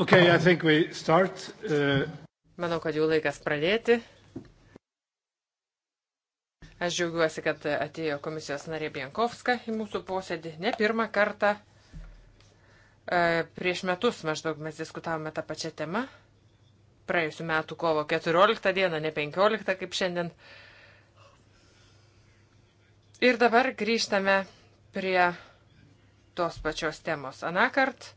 Okay, I think we start. Uh... Manau, kad jau laikas pradėti. Aš džiaugiuosi, kad atėjo komisijos narė Bienkovska į mūsų posėdį. Ne pirmą kartą. E, prieš metus maždaug mes diskutavome tą pačią temą. Praėjusiu metu kovo 14 dieną, ne 15 kaip šiandien. Ir dabar grįžtame prie tos pačios temos. Anakart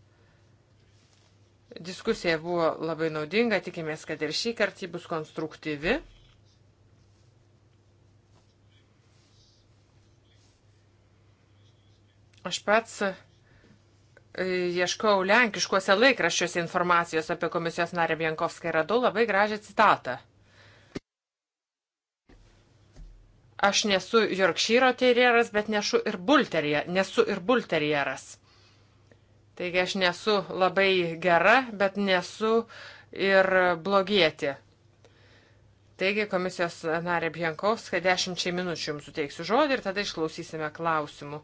Diskusija buvo labai naudinga, tikimės, kad ir šį kartą ji bus konstruktyvi. Aš pats e, ieškau lenkiškuose laikraščiuose informacijos apie komisijos narę Bienkovską ir radau labai gražią citatą. Aš nesu Jorkšyro terjeras, bet nešu ir bulterjeras. Nesu ir bulterjeras. Taigi aš nesu labai gera, bet nesu ir blogietė. Taigi komisijos narė Bienkovska, dešimčiai minučių jums suteiksiu žodį ir tada išklausysime klausimų.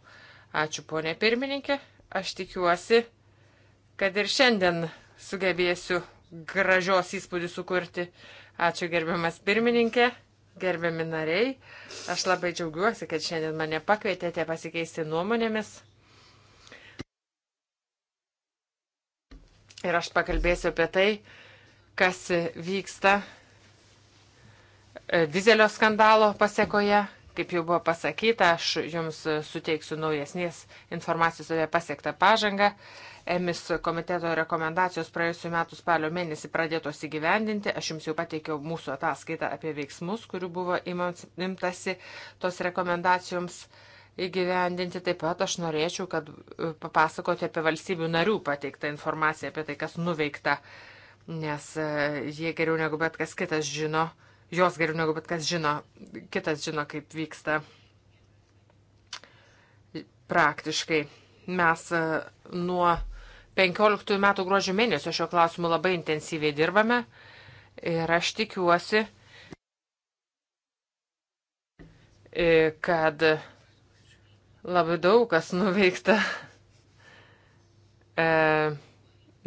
Ačiū ponė pirmininkė, aš tikiuosi, kad ir šiandien sugebėsiu gražios įspūdį sukurti. Ačiū gerbiamas pirmininkė, gerbiami nariai. Aš labai džiaugiuosi, kad šiandien mane pakvietėte pasikeisti nuomonėmis. ir aš pakalbėsiu apie tai, kas vyksta e, dizelio skandalo pasiekoje. Kaip jau buvo pasakyta, aš jums suteiksiu naujesnės informacijos apie pasiektą pažangą. Emis komiteto rekomendacijos praėjusiu metu spalio mėnesį pradėtos įgyvendinti. Aš jums jau pateikiau mūsų ataskaitą apie veiksmus, kurių buvo imtasi tos rekomendacijoms. Uh, įgyvendinti. Taip pat aš norėčiau, kad e, papasakoti apie valstybių narių pateiktą informaciją, apie tai, kas nuveikta, nes e, jie geriau negu bet kas kitas žino, jos geriau negu bet kas žino, kitas žino, kaip vyksta praktiškai. Mes e, nuo 15 metų gruodžio mėnesio šio klausimu labai intensyviai dirbame ir aš tikiuosi, kad Labai daug kas nuveikta. E,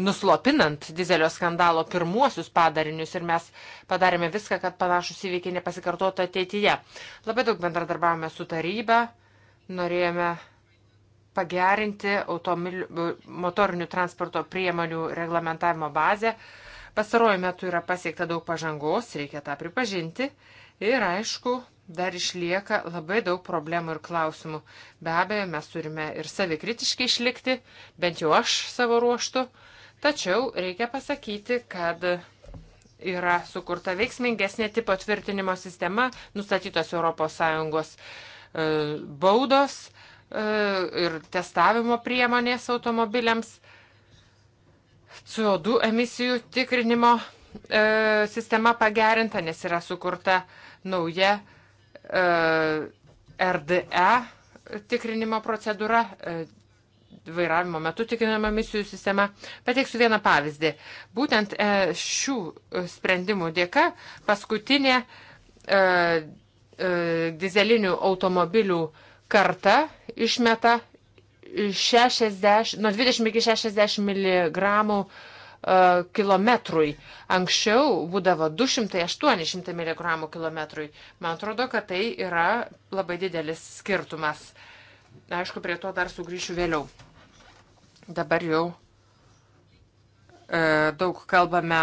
nuslopinant dizelio skandalo pirmuosius padarinius ir mes padarėme viską, kad panašus įvykiai nepasikartotų ateityje. Labai daug bendradarbiavome su taryba, norėjome pagerinti motorinių transporto priemonių reglamentavimo bazę. Pastaruoju metu yra pasiekta daug pažangos, reikia tą pripažinti. Ir aišku, dar išlieka labai daug problemų ir klausimų. Be abejo, mes turime ir savikritiškai išlikti, bent jau aš savo ruoštų, tačiau reikia pasakyti, kad yra sukurta veiksmingesnė tipo tvirtinimo sistema, nustatytos ES e, baudos e, ir testavimo priemonės automobiliams, CO2 emisijų tikrinimo e, sistema pagerinta, nes yra sukurta nauja RDE e tikrinimo procedūra, e, vairavimo metu tikrinama misijų sistema. Pateiksiu vieną pavyzdį. Būtent e, šių sprendimų dėka paskutinė dizelinių automobilių karta išmeta 60, nuo 20 iki 60 mg E, kilometrui. Anksčiau būdavo 200-800 mg kilometrui. Man atrodo, kad tai yra labai didelis skirtumas. Aišku, prie to dar sugrįšiu vėliau. Dabar jau e, daug kalbame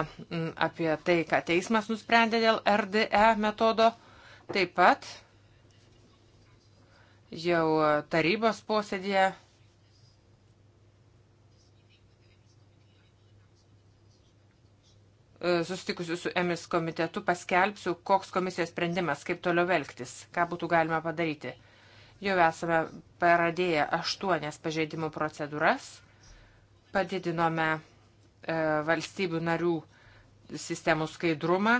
apie tai, ką teismas nusprendė dėl RDE metodo. Taip pat jau e, tarybos posėdėje E, susitikusiu su EMIS komitetu paskelbsiu, koks komisijos sprendimas, kaip toliau elgtis, ką būtų galima padaryti. Jau esame paradėję aštuonias pažeidimų procedūras, padidinome e, valstybių narių sistemų skaidrumą,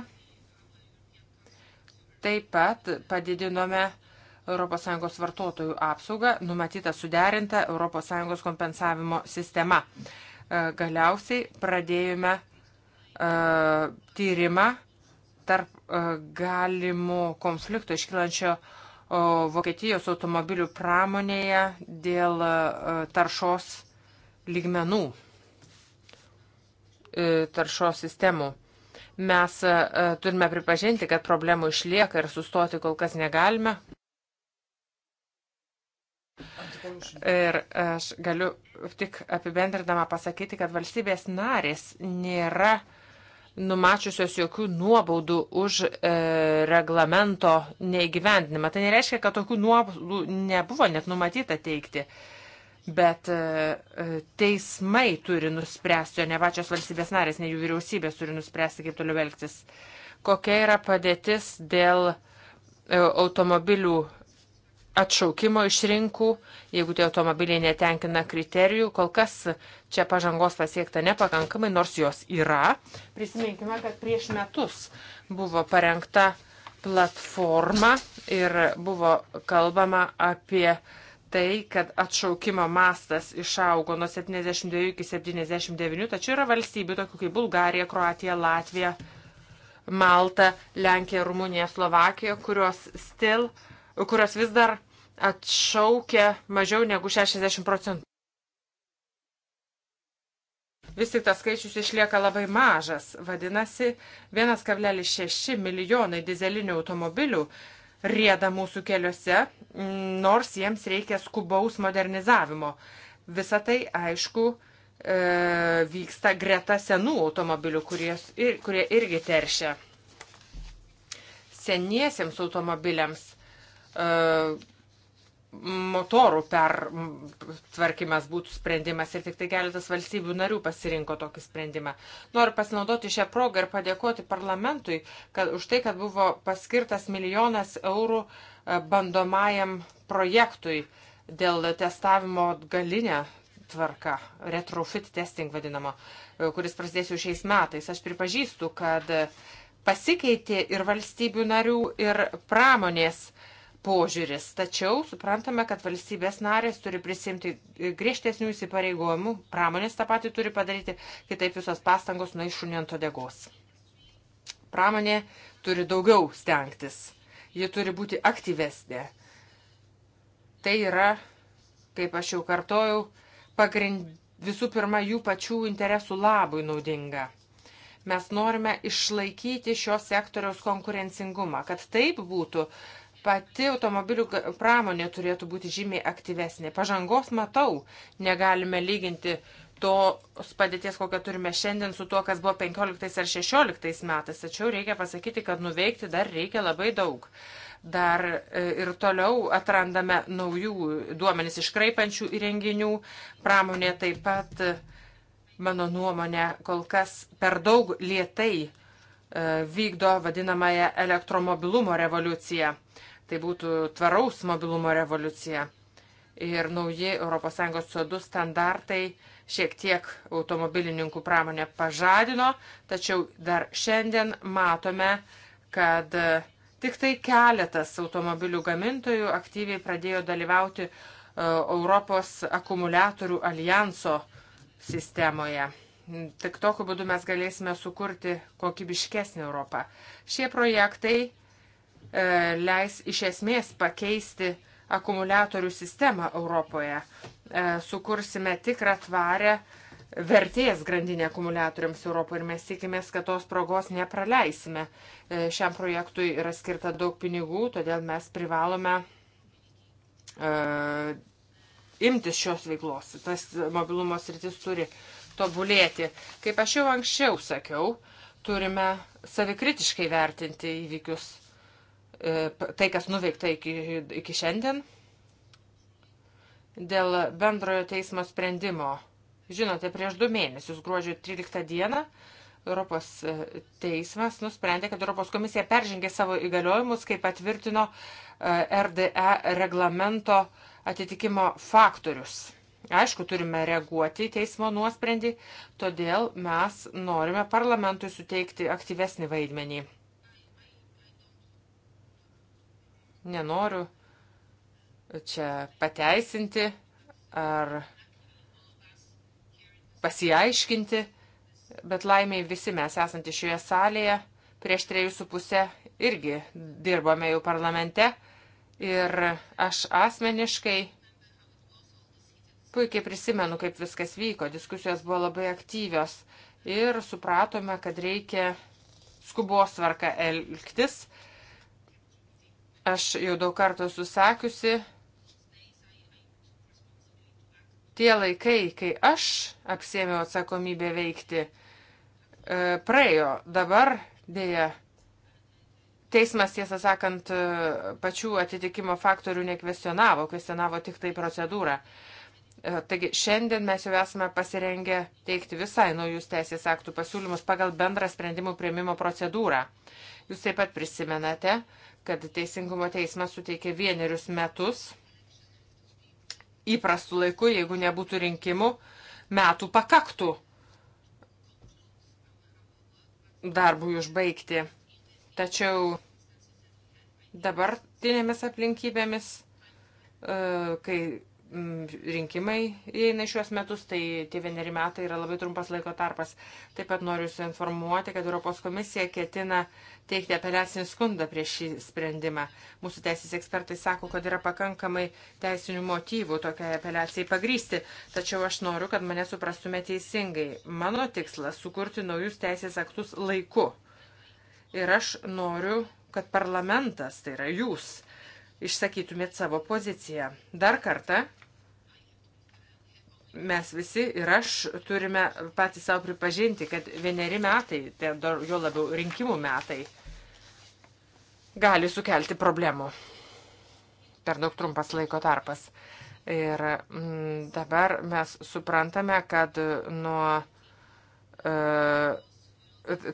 taip pat padidinome ES vartotojų apsaugą, numatyta suderinta ES kompensavimo sistema. E, galiausiai pradėjome tyrimą tarp galimų konfliktų iškilančio Vokietijos automobilių pramonėje dėl taršos lygmenų, e, taršos sistemų. Mes turime pripažinti, kad problemų išlieka ir sustoti kol kas negalime. Ir aš galiu tik apibendrinama pasakyti, kad valstybės narės nėra uh, numačiusios jokių nuobaudų už e, reglamento neįgyvendinimą. Tai nereiškia, kad tokių nuobaudų nebuvo net numatyta teikti. Bet e, e, teismai turi nuspręsti, o ne pačios valstybės narės, ne jų vyriausybės turi nuspręsti, kaip toliau elgtis. Kokia yra padėtis dėl e, automobilių atšaukimo iš rinkų, jeigu tie automobiliai netenkina kriterijų. Kol kas čia pažangos pasiekta nepakankamai, nors jos yra. Prisiminkime, kad prieš metus buvo parengta platforma ir buvo kalbama apie tai, kad atšaukimo mastas išaugo nuo 72 iki 79, tačiau yra valstybių tokių kaip Bulgarija, Kroatija, Latvija, Malta, Lenkija, Rumunija, Slovakija, kurios, still, kurios vis dar atšaukia mažiau negu 60 procentų. Vis tik tas skaičius išlieka labai mažas. Vadinasi, 1,6 milijonai dizelinių automobilių rėda mūsų keliuose, nors jiems reikia skubaus modernizavimo. Visa tai, aišku, e, vyksta greta senų automobilių, kurie, kurie irgi teršia. Seniesiems automobiliams e, motorų pertvarkymas būtų sprendimas ir tik tai keletas valstybių narių pasirinko tokį sprendimą. Noriu pasinaudoti šią progą ir padėkoti parlamentui kad, už tai, kad buvo paskirtas milijonas eurų e, bandomajam projektui dėl testavimo galinę tvarka, retrofit testing vadinamo, e, kuris prasidės jau šiais metais. Aš pripažįstu, kad pasikeitė ir valstybių narių, ir pramonės požiūris. Tačiau suprantame, kad valstybės narės turi prisimti griežtesnių įsipareigojimų, pramonės tą patį turi padaryti, kitaip visos pastangos nuo iššunianto degos. Pramonė turi daugiau stengtis, ji turi būti aktyvesnė. Tai yra, kaip aš jau kartojau, pagrind, visų pirma jų pačių interesų labui naudinga mes norime išlaikyti šio sektoriaus konkurencingumą, kad taip būtų pati automobilių pramonė turėtų būti žymiai aktyvesnė. Pažangos matau, negalime lyginti tos padėties, kokią turime šiandien, su tuo, kas buvo 15 ar 16 metais. Tačiau reikia pasakyti, kad nuveikti dar reikia labai daug. Dar e, ir toliau atrandame naujų duomenys iškraipančių įrenginių. Pramonė taip pat, e, mano nuomonė, kol kas per daug lietai e, vykdo vadinamąją elektromobilumo revoliuciją. Tai būtų tvaraus mobilumo revoliucija. Ir nauji ES CO2 standartai šiek tiek automobilininkų pramonę pažadino, tačiau dar šiandien matome, kad tik tai keletas automobilių gamintojų aktyviai pradėjo dalyvauti e, Europos akumuliatorių alijanso sistemoje. Tik tokiu būdu mes galėsime sukurti kokybiškesnį Europą. Šie projektai E, leis iš esmės pakeisti akumuliatorių sistemą Europoje. E, sukursime tikrą tvarę vertės grandinę akumuliatoriams Europoje ir mes tikimės, kad tos progos nepraleisime. E, šiam projektui yra skirta daug pinigų, todėl mes privalome uh, imtis šios veiklos. Tas mobilumo sritis turi tobulėti. Kaip aš jau anksčiau sakiau, turime savikritiškai vertinti įvykius E, tai, kas nuveikta iki, iki šiandien. Dėl bendrojo teismo sprendimo. Žinote, prieš du mėnesius, gruodžio 13 dieną, Europos e, teismas nusprendė, kad Europos komisija peržengė savo įgaliojimus, kai patvirtino RDE e reglamento atitikimo faktorius. Aišku, turime reaguoti į teismo nuosprendį, todėl mes norime parlamentui suteikti aktyvesnį vaidmenį. Nenoriu čia pateisinti ar pasiaiškinti, bet laimiai visi mes esantys šioje salėje prieš trejus su pusę irgi dirbome jau parlamente ir aš asmeniškai puikiai prisimenu, kaip viskas vyko, diskusijos buvo labai aktyvios ir supratome, kad reikia skubos tvarka elgtis Aš jau daug kartų susakiusi, tie laikai, kai aš apsėmiau atsakomybę veikti, e, praėjo. Dabar dėja. Teismas, tiesą sakant, e, pačių atitikimo faktorių nekvestionavo, kvestionavo tik tai procedūrą. E, taigi šiandien mes jau esame pasirengę teikti visai naujus teisės aktų pasiūlymus pagal bendrą sprendimų prieimimo procedūrą. Jūs taip pat prisimenate, kad Teisingumo teismas suteikė vienerius metus įprastų laikų, jeigu nebūtų rinkimų, metų pakaktų darbui užbaigti. Tačiau dabartinėmis aplinkybėmis, e, kai Mm, rinkimai įeina šiuos metus, tai tie vieneri metai yra labai trumpas laiko tarpas. Taip pat noriu jūs informuoti, kad Europos komisija ketina teikti apeliacinį skundą prieš šį sprendimą. Mūsų teisės ekspertai sako, kad yra pakankamai teisinių motyvų tokiai apeliacijai pagrysti, tačiau aš noriu, kad mane suprastume teisingai. Mano tikslas - sukurti naujus teisės aktus laiku. Ir aš noriu, kad parlamentas, tai yra jūs, išsakytumėt savo poziciją. Dar kartą mes visi ir aš turime patys savo pripažinti, kad vieneri metai, tai dar jo labiau rinkimų metai, gali sukelti problemų. Per daug trumpas laiko tarpas. Ir m, mm, dabar mes suprantame, kad nuo e,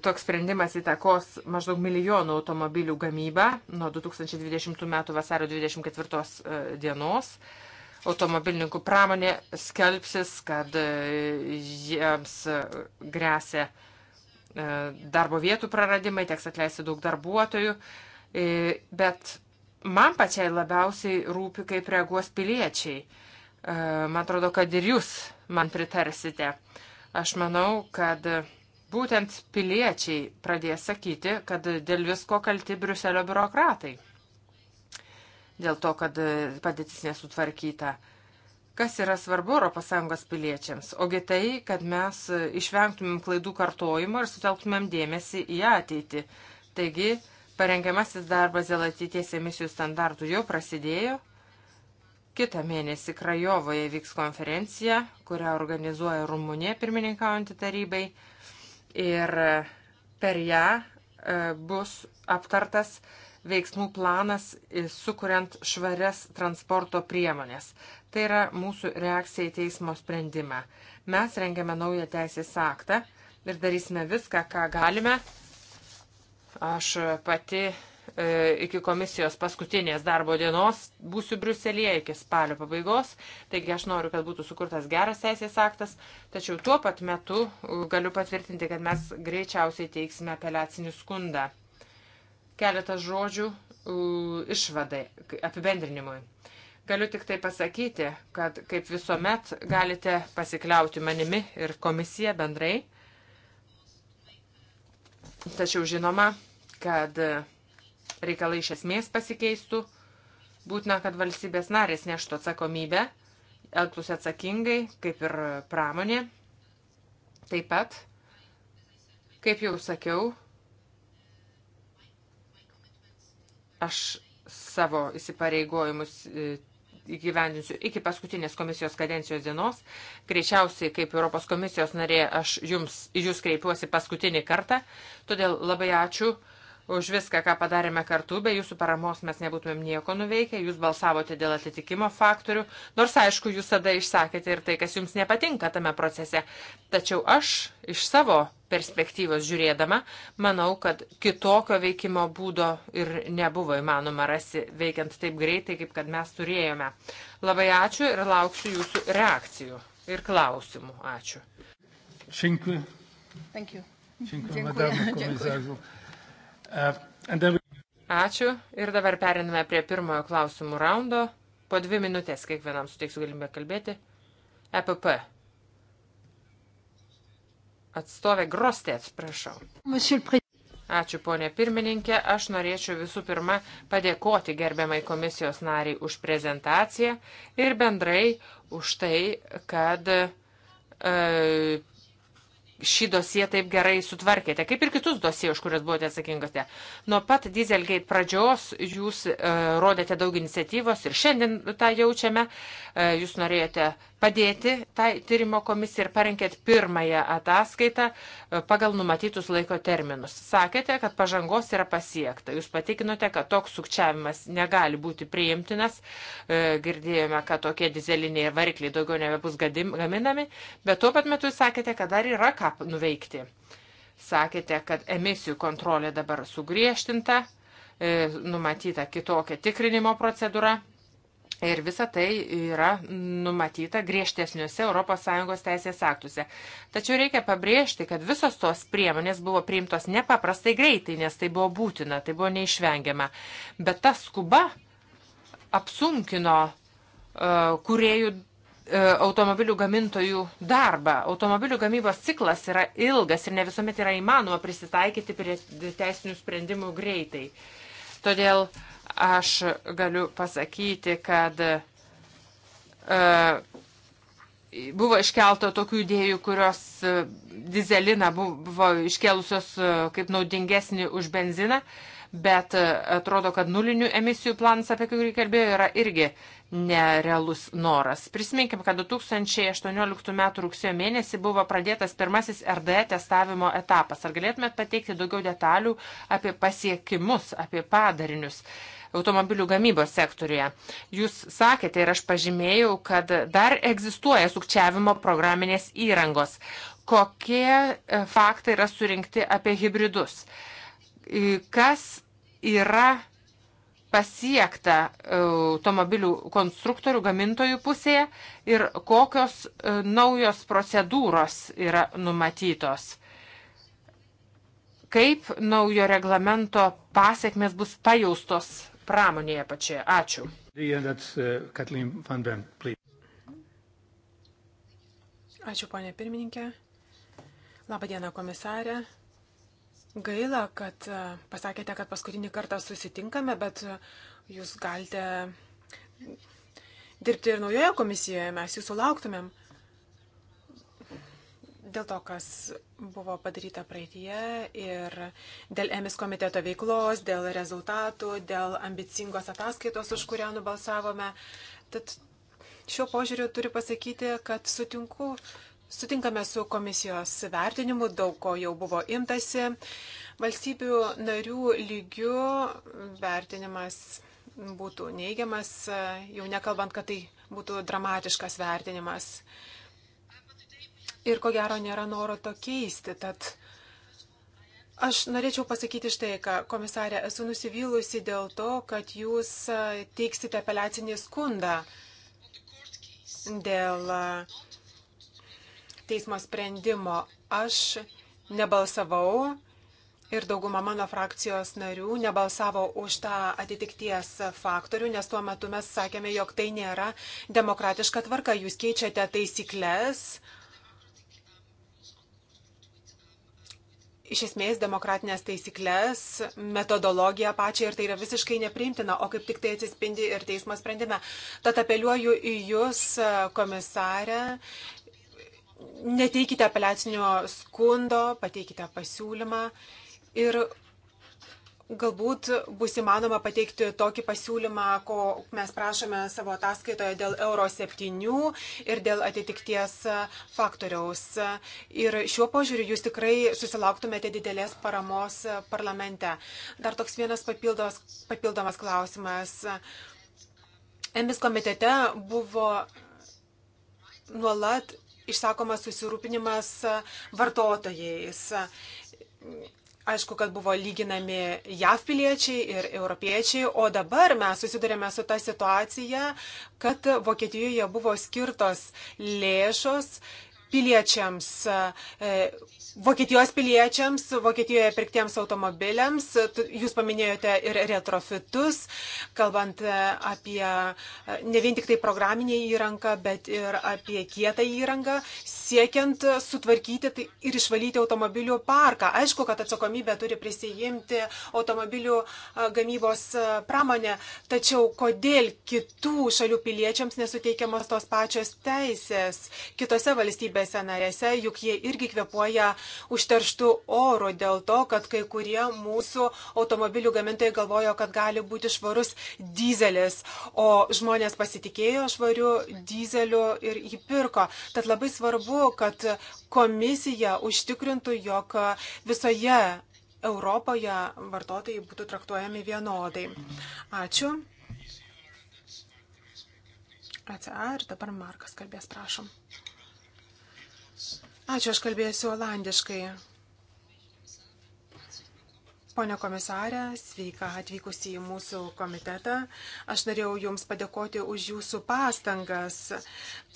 toks sprendimas įtakos maždaug milijonų automobilių gamybą nuo 2020 m. vasario 24 e, dienos. E, automobilininkų pramonė skelbsis, kad e, jiems e, grėsia e, darbo vietų praradimai, teks atleisti daug darbuotojų, bet man pačiai labiausiai rūpi, kaip reaguos piliečiai. Man atrodo, kad ir jūs man pritarsite. Aš manau, kad būtent piliečiai pradės sakyti, kad dėl visko kalti Briuselio biurokratai dėl to, kad e, padėtis nesutvarkyta. Kas yra svarbu ES piliečiams? Ogi tai, kad mes e, išvengtumėm klaidų kartojimo ir sutelktumėm dėmesį į ateitį. Taigi, parengiamasis darbas dėl ateities emisijų standartų jau prasidėjo. Kita mėnesį Krajovoje vyks konferencija, kurią organizuoja Rumunija pirmininkaujantį tarybai. Ir e, per ją bus aptartas veiksmų planas, sukuriant švarias transporto priemonės. Tai yra mūsų reakcija į teismo sprendimą. Mes rengiame naują teisės aktą ir darysime viską, ką galime. Aš pati e, iki komisijos paskutinės darbo dienos būsiu Briuselėje iki spalio pabaigos, taigi aš noriu, kad būtų sukurtas geras teisės aktas, tačiau tuo pat metu e, galiu patvirtinti, kad mes greičiausiai teiksime apeliacinį skundą. Keletas žodžių išvadai, apibendrinimui. Galiu tik tai pasakyti, kad kaip visuomet galite pasikliauti manimi ir komisija bendrai. Tačiau žinoma, kad reikalai iš esmės pasikeistų, būtina, kad valstybės narės neštų atsakomybę, elgtųsi atsakingai, kaip ir pramonė. Taip pat, kaip jau sakiau, Aš savo įsipareigojimus e, įgyvendinsiu iki paskutinės komisijos kadencijos dienos. Greičiausiai, kaip Europos komisijos narė, aš jums, į jūs kreipiuosi paskutinį kartą. Todėl labai ačiū už viską, ką padarėme kartu. Be jūsų paramos mes nebūtumėm nieko nuveikę. Jūs balsavote dėl atitikimo faktorių. Nors, aišku, jūs tada išsakėte ir tai, kas jums nepatinka tame procese. Tačiau aš iš savo perspektyvos žiūrėdama, manau, kad kitokio veikimo būdo ir nebuvo įmanoma rasti veikiant taip greitai, kaip kad mes turėjome. Labai ačiū ir lauksiu jūsų reakcijų ir klausimų. Ačiū. Dziękuję. Thank you. Dziękuję, madame komisarzu. E, ačiū. Ir dabar periname prie pirmojo klausimų raundo. Po dvi minutės kiekvienam suteiksiu galimybę kalbėti. EPP atstovė Grostė, atsiprašau. Ačiū, ponė pirmininkė. Aš norėčiau visų pirma padėkoti gerbiamai komisijos nariai už prezentaciją ir bendrai už tai, kad e, šį dosiją taip gerai sutvarkėte, kaip ir kitus dosiją, už kurias buvote atsakingose. Nuo pat Dieselgate pradžios jūs e, rodėte daug iniciatyvos ir šiandien tą jaučiame. E, jūs norėjote padėti tai tyrimo komisijai ir parinkėt pirmąją ataskaitą e, pagal numatytus laiko terminus. Sakėte, kad pažangos yra pasiekta. Jūs patikinote, kad toks sukčiavimas negali būti priimtinas. E, girdėjome, kad tokie dizeliniai varikliai daugiau nebebus gaminami, bet tuo pat metu jūs sakėte, kad dar yra ką nuveikti. Sakėte, kad emisijų kontrolė dabar sugriežtinta, e, numatyta kitokia tikrinimo procedūra. Ir visa tai yra numatyta griežtesniuose ES teisės aktuose. Tačiau reikia pabrėžti, kad visos tos priemonės buvo priimtos nepaprastai greitai, nes tai buvo būtina, tai buvo neišvengiama. Bet ta skuba apsunkino uh, e, kuriejų e, automobilių gamintojų darbą. Automobilių gamybos ciklas yra ilgas ir ne visuomet yra įmanoma prisitaikyti prie teisinių sprendimų greitai. Todėl uh, Aš galiu pasakyti, kad e, buvo iškelta tokių idėjų, kurios e, dizeliną buvo iškelusios e, kaip naudingesnį už benziną, bet e, atrodo, kad nulinių emisijų planas, apie kurį kalbėjo, yra irgi nerealus noras. Prisiminkime, kad 2018 m. rugsėjo mėnesį buvo pradėtas pirmasis RDE testavimo etapas. Ar galėtumėt pateikti daugiau detalių apie pasiekimus, apie padarinius? Uh, automobilių gamybos sektoriuje. Jūs sakėte ir aš pažymėjau, kad dar egzistuoja sukčiavimo programinės įrangos. Kokie e, faktai yra surinkti apie hybridus? E, kas yra pasiekta e, automobilių konstruktorių gamintojų pusėje ir kokios naujos procedūros yra numatytos. Kaip naujo reglamento pasiekmes bus pajaustos pramonėje pačioje. Ačiū. Uh, Ačiū, ponė pirmininkė. Labadiena, komisarė. Gaila, kad uh, pasakėte, kad paskutinį kartą susitinkame, bet uh, jūs galite dirbti ir naujoje komisijoje, mes jūsų lauktumėm dėl to, kas buvo padaryta praeitie ir dėl emis komiteto veiklos, dėl rezultatų, dėl ambicingos ataskaitos, už kurią nubalsavome. Tad šiuo požiūriu turiu pasakyti, kad sutinku, sutinkame su komisijos vertinimu, daug ko jau buvo imtasi. Valstybių narių lygių vertinimas būtų neigiamas, jau nekalbant, kad tai būtų dramatiškas vertinimas ir ko gero nėra noro to keisti. Tad aš norėčiau pasakyti štai, ką komisarė, esu nusivylusi dėl to, kad jūs e, teiksite apeliacinį skundą dėl e, teismo sprendimo. Aš nebalsavau ir dauguma mano frakcijos narių nebalsavo už tą atitikties faktorių, nes tuo metu mes sakėme, jog tai nėra demokratiška tvarka. Jūs keičiate taisyklės iš esmės demokratinės taisyklės, metodologiją pačią ir tai yra visiškai nepriimtina, o kaip tik tai atsispindi ir teismo sprendime. Tad apeliuoju į Jūs, komisarę, neteikite apeliacinio skundo, pateikite pasiūlymą ir Galbūt bus įmanoma pateikti tokį pasiūlymą, ko mes prašome savo ataskaitoje dėl Euro 7 ir dėl atitikties faktoriaus. Ir šiuo požiūriu jūs tikrai susilauktumėte didelės paramos parlamente. Dar toks vienas papildomas, papildomas klausimas. Emis komitete buvo nuolat išsakomas susirūpinimas vartotojais Aišku, kad buvo lyginami JAV piliečiai ir europiečiai, o dabar mes susidurėme su ta situacija, kad Vokietijoje buvo skirtos lėšos piliečiams, e, Vokietijos piliečiams, Vokietijoje pirktiems automobiliams. Jūs paminėjote ir retrofitus, kalbant e, apie e, ne vien tik tai programinę įrangą, bet ir apie kietą įrangą, siekiant sutvarkyti tai ir išvalyti automobilių parką. Aišku, kad atsakomybę turi prisijimti automobilių gamybos pramonė, tačiau kodėl kitų šalių piliečiams nesuteikiamos tos pačios teisės kitose valstybėse? valstybėse narėse, juk jie irgi kvepuoja užterštų oro dėl to, kad kai kurie mūsų automobilių gamintojai galvojo, kad gali būti švarus dizelis, o žmonės pasitikėjo švariu dizeliu ir jį pirko. Tad labai svarbu, kad komisija užtikrintų, jog visoje Europoje vartotojai būtų traktuojami vienodai. Ačiū. Atsiar, dabar Markas kalbės, prašom. Ačiū, aš kalbėsiu olandiškai. Pone komisarė, sveika atvykusi į mūsų komitetą. Aš norėjau Jums padėkoti už Jūsų pastangas.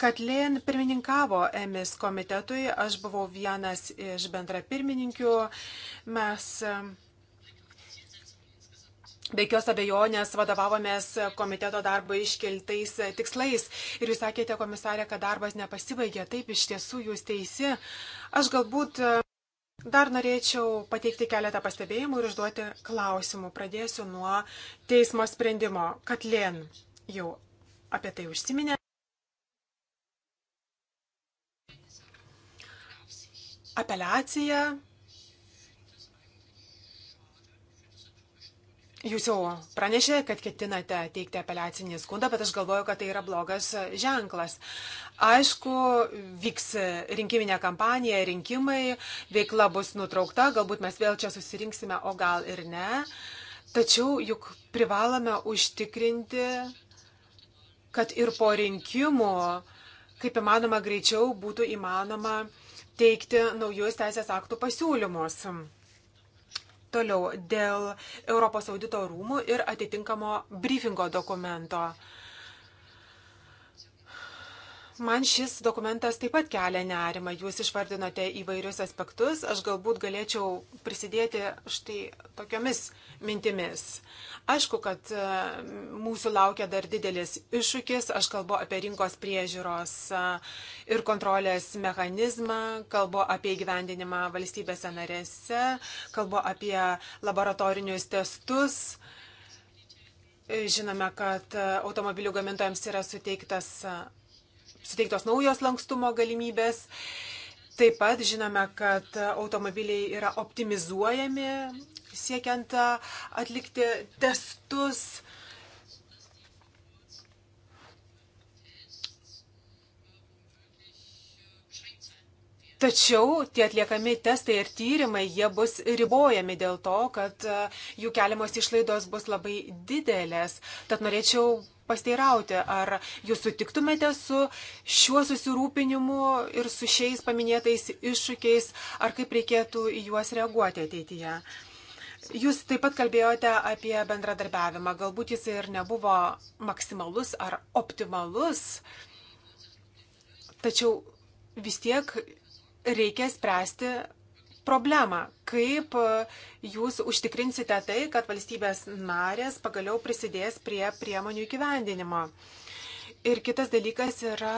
Katlin pirmininkavo EMIS komitetui, aš buvau vienas iš bendrapirmininkių. Mes Be jokios abejonės vadovavomės komiteto darbo iškeltais e, tikslais. Ir jūs sakėte, komisarė, kad darbas nepasibaigė. Taip, iš tiesų jūs teisi. Aš galbūt e, dar norėčiau pateikti keletą pastebėjimų ir užduoti klausimų. Pradėsiu nuo teismo sprendimo. Katlien jau apie tai užsiminė. Apeliacija Jūs jau pranešė, kad ketinate teikti apeliacinį skundą, bet aš galvoju, kad tai yra blogas ženklas. Aišku, vyks rinkiminė kampanija, rinkimai, veikla bus nutraukta, galbūt mes vėl čia susirinksime, o gal ir ne. Tačiau juk privalome užtikrinti, kad ir po rinkimų, kaip įmanoma greičiau, būtų įmanoma teikti naujus teisės aktų pasiūlymus. Toliau dėl Europos audito rūmų ir atitinkamo briefingo dokumento. Man šis dokumentas taip pat kelia nerimą. Jūs išvardinote įvairius aspektus. Aš galbūt galėčiau prisidėti štai tokiomis mintimis. Aišku, kad e, mūsų laukia dar didelis iššūkis. Aš kalbu apie rinkos priežiūros e, ir kontrolės mechanizmą, kalbu apie įgyvendinimą valstybėse narėse, kalbu apie laboratorinius testus. E, žinome, kad automobilių gamintojams yra suteiktas, suteiktos naujos lankstumo galimybės. Taip pat žinome, kad automobiliai yra optimizuojami, siekiant atlikti testus. Tačiau tie atliekami testai ir tyrimai, jie bus ribojami dėl to, kad jų keliamos išlaidos bus labai didelės. Tad norėčiau pasteirauti, ar jūs sutiktumėte su šiuo susirūpinimu ir su šiais paminėtais iššūkiais, ar kaip reikėtų į juos reaguoti ateityje. Jūs taip pat kalbėjote apie bendradarbiavimą. Galbūt jis ir nebuvo maksimalus ar optimalus, tačiau vis tiek reikia spręsti problemą. Kaip jūs užtikrinsite tai, kad valstybės narės pagaliau prisidės prie priemonių įgyvendinimo? Ir kitas dalykas yra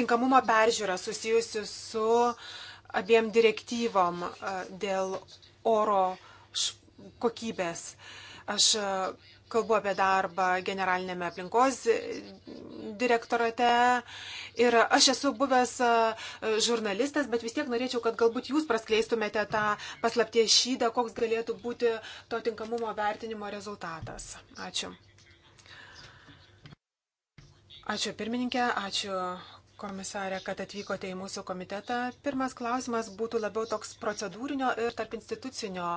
tinkamumo peržiūra susijusi su abiem direktyvom e, dėl oro kokybės. Aš e, kalbu apie darbą generalinėme aplinkos direktorate. Ir aš esu buvęs e, žurnalistas, bet vis tiek norėčiau, kad galbūt jūs praskleistumėte tą paslapties šydą, koks galėtų būti to tinkamumo vertinimo rezultatas. Ačiū. Ačiū pirmininkė, ačiū komisarė, kad atvykote į mūsų komitetą. Pirmas klausimas būtų labiau toks procedūrinio ir tarp institucinio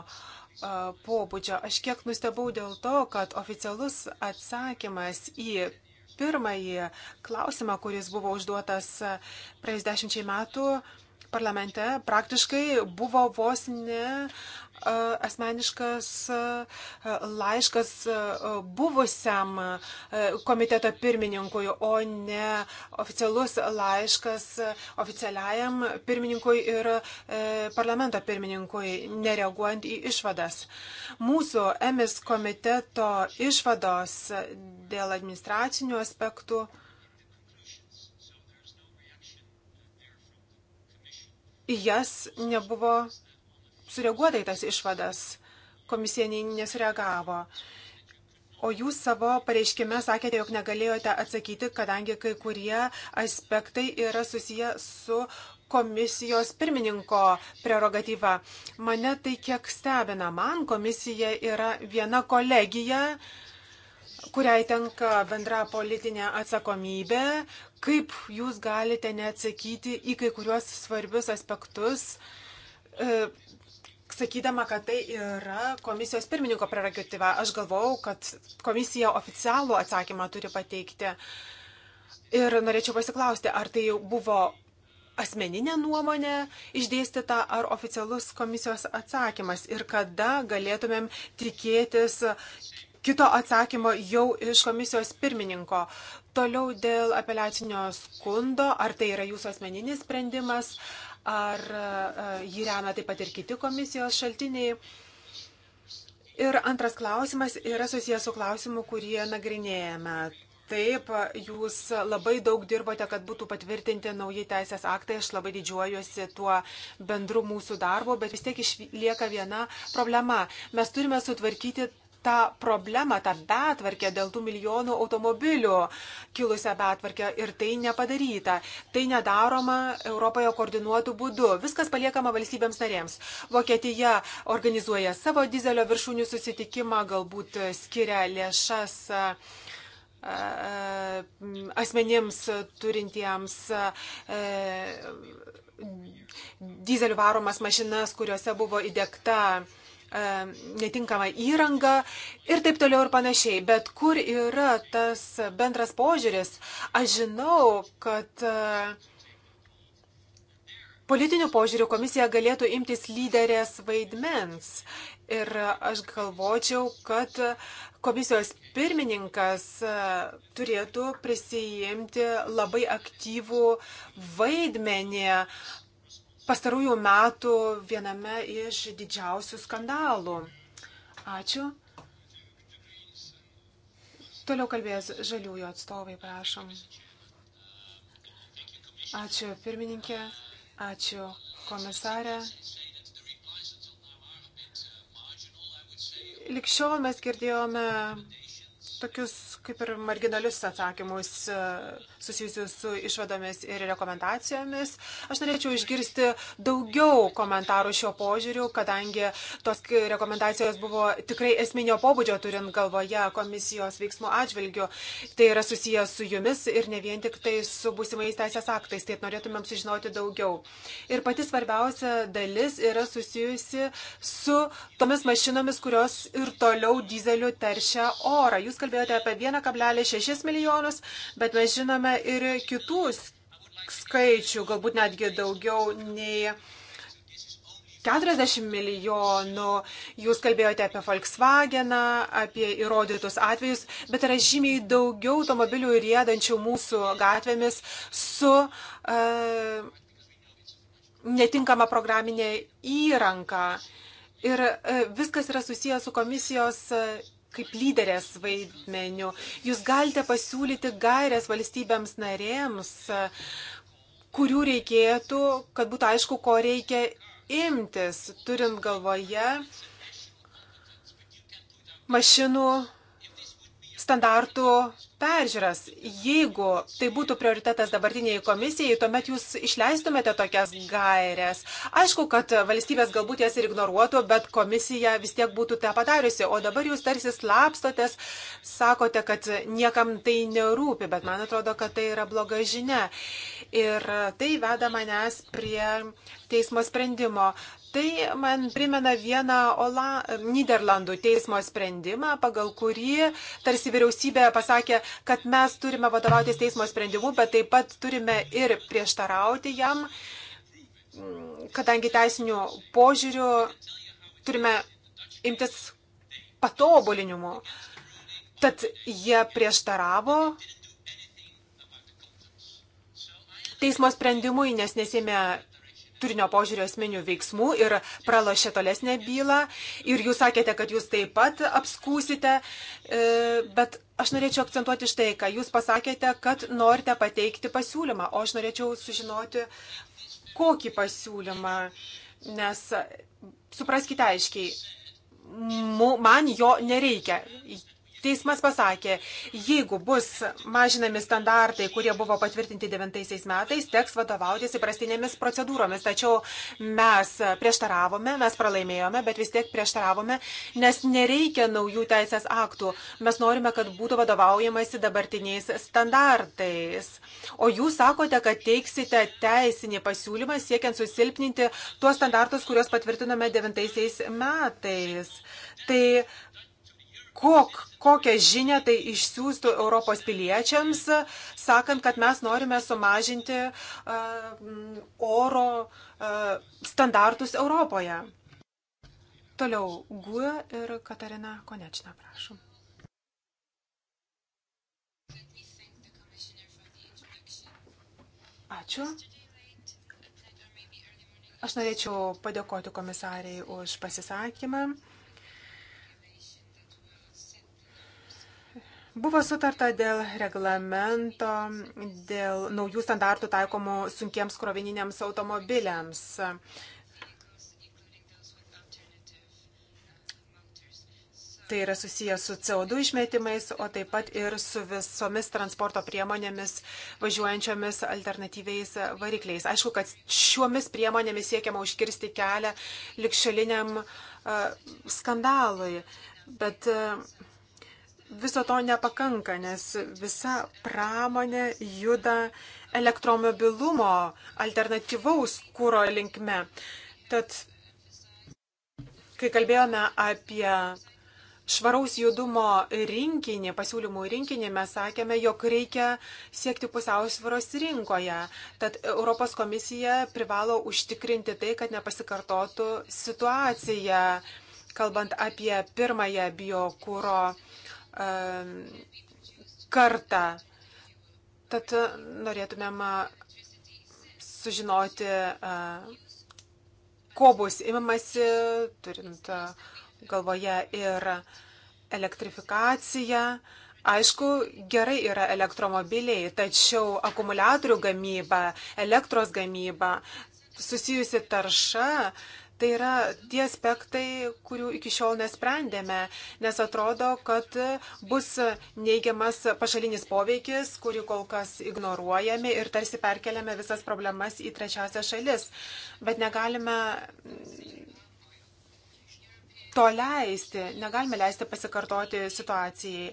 pobūdžio. Aš kiek nustebau dėl to, kad oficialus atsakymas į pirmąjį klausimą, kuris buvo užduotas praėjus dešimčiai metų parlamente, praktiškai buvo vos ne uh, asmeniškas laiškas buvusiam komiteto pirmininkui, o ne oficialus laiškas oficialiajam pirmininkui ir parlamento pirmininkui, nereaguojant į išvadas. Mūsų emis komiteto išvados dėl administracinių aspektų į jas nebuvo sureaguota į tas išvadas. Komisija nesureagavo. O jūs savo pareiškime sakėte, jog negalėjote atsakyti, kadangi kai kurie aspektai yra susiję su komisijos pirmininko prerogatyva. Mane tai kiek stebina. Man komisija yra viena kolegija, kuriai tenka bendra politinė atsakomybė. Kaip jūs galite neatsakyti į kai kuriuos svarbius aspektus? E, sakydama, kad tai yra komisijos pirmininko prerogatyva. Aš galvau, kad komisija oficialų atsakymą turi pateikti. Ir norėčiau pasiklausti, ar tai jau buvo asmeninė nuomonė išdėstyta ar oficialus komisijos atsakymas ir kada galėtumėm tikėtis kito atsakymo jau iš komisijos pirmininko. Toliau dėl apeliacinio skundo, ar tai yra jūsų asmeninis sprendimas, ar e, e, jį remia taip pat ir kiti komisijos šaltiniai. Ir antras klausimas yra susijęs su klausimu, kurį nagrinėjame. Taip, jūs labai daug dirbote, kad būtų patvirtinti nauji teisės aktai. Aš labai didžiuojuosi tuo bendru mūsų darbu, bet vis tiek išlieka viena problema. Mes turime sutvarkyti tą problemą, tą betvarkę dėl tų milijonų automobilių kilusią betvarkę ir tai nepadaryta. Tai nedaroma Europoje koordinuotų būdų. Viskas paliekama valstybėms narėms. Vokietija organizuoja savo dizelio viršūnių susitikimą, galbūt skiria lėšas asmenims turintiems dizelių varomas mašinas, kuriuose buvo įdėkta uh, netinkamą įrangą ir taip toliau ir panašiai. Bet kur yra tas bendras požiūris? Aš žinau, kad politinių požiūrių komisija galėtų imtis lyderės vaidmens. Ir aš galvočiau, kad komisijos pirmininkas turėtų prisijimti labai aktyvų vaidmenį pastarųjų metų viename iš didžiausių skandalų. Ačiū. Toliau kalbės žaliųjų atstovai, prašom. Ačiū pirmininkė, ačiū komisarė. Likščiau mes girdėjome tokius kaip ir marginalius atsakymus susijusių su išvadomis ir rekomendacijomis. Aš norėčiau išgirsti daugiau komentarų šio požiūriu, kadangi tos rekomendacijos buvo tikrai esminio pobūdžio, turint galvoje komisijos veiksmų atžvilgių. Tai yra susijęs su jumis ir ne vien tik tai su būsimais teisės aktais. Taip norėtumėm sužinoti daugiau. Ir pati svarbiausia dalis yra susijusi su tomis mašinomis, kurios ir toliau dizeliu teršia orą. Jūs kalbėjote apie 1,6 milijonus, bet mes žinome, turime ir kitų skaičių, galbūt netgi daugiau nei 40 milijonų. Jūs kalbėjote apie Volkswageną, apie įrodytus atvejus, bet yra žymiai daugiau automobilių rėdančių mūsų gatvėmis su uh, netinkama programinė įranka. Ir uh, viskas yra susijęs su komisijos uh, kaip lyderės vaidmeniu. Jūs galite pasiūlyti gairias valstybėms narėms, kurių reikėtų, kad būtų aišku, ko reikia imtis, turint galvoje mašinų standartų peržiūras. Jeigu tai būtų prioritetas dabartiniai komisijai, tuomet jūs išleistumėte tokias gairias. Aišku, kad valstybės galbūt jas ir ignoruotų, bet komisija vis tiek būtų tą padariusi. O dabar jūs tarsi slapstotės, sakote, kad niekam tai nerūpi, bet man atrodo, kad tai yra bloga žinia. Ir tai veda manęs prie teismo sprendimo. Tai man primena vieną Ola, Niderlandų teismo sprendimą, pagal kurį tarsi vyriausybė pasakė, kad mes turime vadovautis teismo sprendimu, bet taip pat turime ir prieštarauti jam, kadangi teisinių požiūrių turime imtis patobulinimų. Tad jie prieštaravo teismo sprendimui, nes nesėmė turinio požiūrio esminių veiksmų ir pralošė tolesnę bylą. Ir jūs sakėte, kad jūs taip pat apskūsite, e, bet aš norėčiau akcentuoti štai, ką jūs pasakėte, kad norite pateikti pasiūlymą, o aš norėčiau sužinoti, kokį pasiūlymą, nes e, supraskite aiškiai, man jo nereikia. Teismas pasakė, jeigu bus mažinami standartai, kurie buvo patvirtinti 9 metais, teks vadovautis įprastinėmis procedūromis. Tačiau mes prieštaravome, mes pralaimėjome, bet vis tiek prieštaravome, nes nereikia naujų teisės aktų. Mes norime, kad būtų vadovaujamasi dabartiniais standartais. O jūs sakote, kad teiksite teisinį pasiūlymą siekiant susilpninti tuos standartus, kuriuos patvirtinome 9 metais. Tai kok, kokią žinę tai išsiųstų Europos piliečiams, sakant, kad mes norime sumažinti uh, oro uh, standartus Europoje. Toliau, Gue ir Katarina Konečna, prašom. Ačiū. Aš norėčiau padėkoti komisariai už pasisakymą. Buvo sutarta dėl reglamento, dėl naujų standartų taikomų sunkiems krovininiams automobiliams. Tai yra susijęs su CO2 išmetimais, o taip pat ir su visomis transporto priemonėmis važiuojančiomis alternatyviais varikliais. Aišku, kad šiomis priemonėmis siekiama užkirsti kelią likšaliniam uh, skandalui, bet uh, viso to nepakanka, nes visa pramonė juda elektromobilumo alternatyvaus kūro linkme. Tad, kai kalbėjome apie švaraus judumo rinkinį, pasiūlymų rinkinį, mes sakėme, jog reikia siekti pusiausvėros rinkoje. Tad Europos komisija privalo užtikrinti tai, kad nepasikartotų situacija, kalbant apie pirmąją biokūro Um, kartą. Tad norėtumėm uh, sužinoti, uh, ko bus imamasi, turint uh, galvoje ir elektrifikaciją. Aišku, gerai yra elektromobiliai, tačiau akumuliatorių gamyba, elektros gamyba, susijusi tarša Tai yra tie aspektai, kurių iki šiol nesprendėme, nes atrodo, kad bus neigiamas pašalinis poveikis, kurį kol kas ignoruojame ir tarsi perkeliame visas problemas į trečiasią šalis. Bet negalime to leisti, negalime leisti pasikartoti situacijai.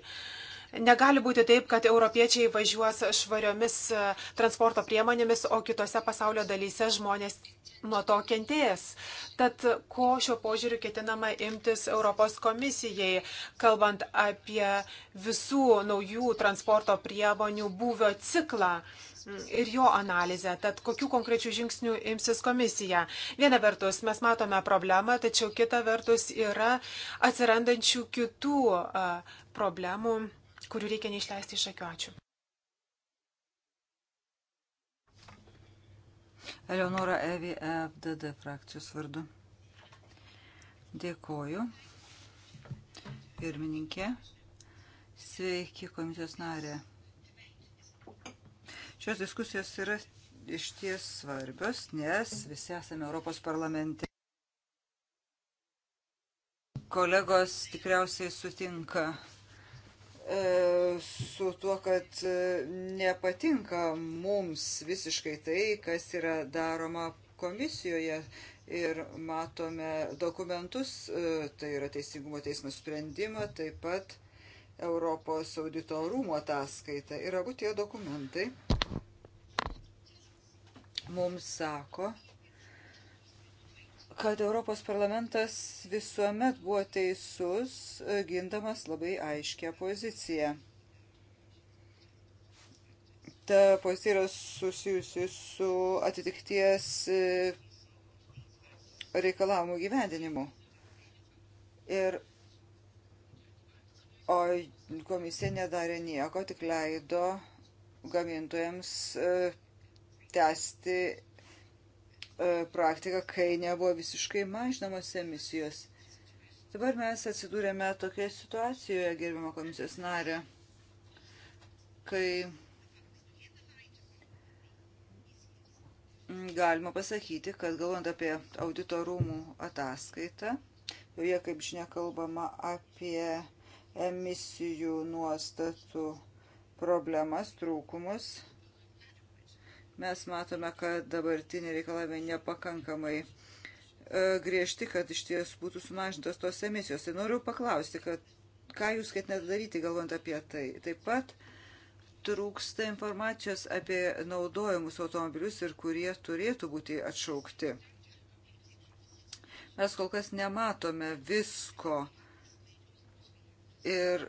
Negali būti taip, kad europiečiai važiuos švariomis e, transporto priemonėmis, o kitose pasaulio dalyse žmonės nuo to kentės. Tad ko šio požiūriu ketinama imtis Europos komisijai, kalbant apie visų naujų transporto priemonių būvio ciklą? ir jo analizę. Tad kokių konkrečių žingsnių imsis komisija? Viena vertus, mes matome problemą, tačiau kita vertus yra atsirandančių kitų e, problemų kurių reikia neišleisti iš akių. Ačiū. Eleonora Evi, FDD frakcijos vardu. Dėkoju. Pirmininkė. Sveiki, komisijos narė. Šios diskusijos yra iš ties svarbios, nes visi esame Europos parlamente. Kolegos tikriausiai sutinka E, su tuo, kad e, nepatinka mums visiškai tai, kas yra daroma komisijoje ir matome dokumentus, e, tai yra Teisingumo teismo sprendimą, taip pat Europos audito rūmo ataskaita. Ir abu tie dokumentai mums sako, kad Europos parlamentas visuomet buvo teisus, e, gindamas labai aiškę poziciją. Ta pozicija yra susijusi su atitikties e, reikalavimų gyvendinimu. Ir o komisija nedarė nieko, tik leido gamintojams e, tęsti E, praktiką, kai nebuvo visiškai mažinamos emisijos. Dabar mes atsidūrėme tokioje situacijoje, gerbimo komisijos narė, kai galima pasakyti, kad galvant apie auditorumų ataskaitą, joje, kaip žinia, kalbama apie emisijų nuostatų problemas, trūkumus Mes matome, kad dabartiniai reikalavimai nepakankamai e, griežti, kad iš ties būtų sumažintos tos emisijos. Tai noriu paklausti, kad ką jūs ketinate daryti, galvant apie tai. Taip pat trūksta informacijos apie naudojimus automobilius ir kurie turėtų būti atšaukti. Mes kol kas nematome visko ir e,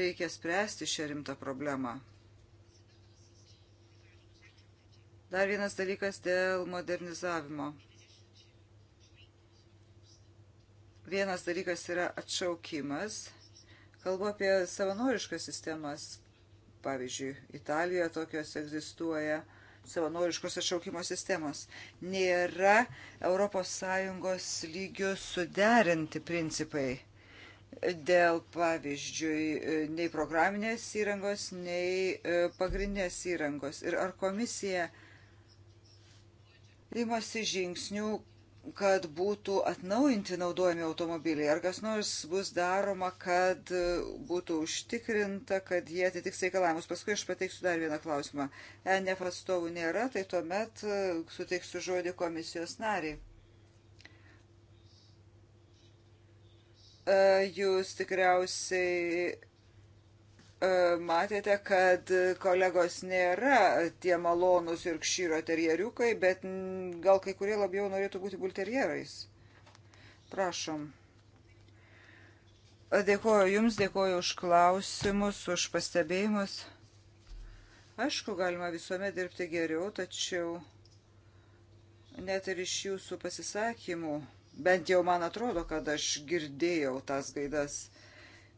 reikia spręsti šią rimtą problemą. Dar vienas dalykas dėl modernizavimo. Vienas dalykas yra atšaukimas. Kalbu apie savanoriškas sistemas. Pavyzdžiui, Italijoje tokios egzistuoja savanoriškos atšaukimo sistemos. Nėra ES lygių suderinti principai dėl, pavyzdžiui, nei programinės įrangos, nei e, pagrindinės įrangos. Ir ar komisija uh, imasi žingsnių, kad būtų atnaujinti naudojami automobiliai? Ar kas nors bus daroma, kad būtų užtikrinta, kad jie atitiks reikalavimus? Paskui aš pateiksiu dar vieną klausimą. E NF atstovų nėra, tai tuomet e, suteiksiu žodį komisijos nariai. E, jūs tikriausiai E, matėte, kad kolegos nėra tie malonūs ir kšyro terjeriukai, bet gal kai kurie labiau norėtų būti bulterjerais. Prašom. E, dėkuoju Jums, dėkuoju už klausimus, už pastebėjimus. Aišku, galima visuomet dirbti geriau, tačiau net ir iš Jūsų pasisakymų, bent jau man atrodo, kad aš girdėjau tas gaidas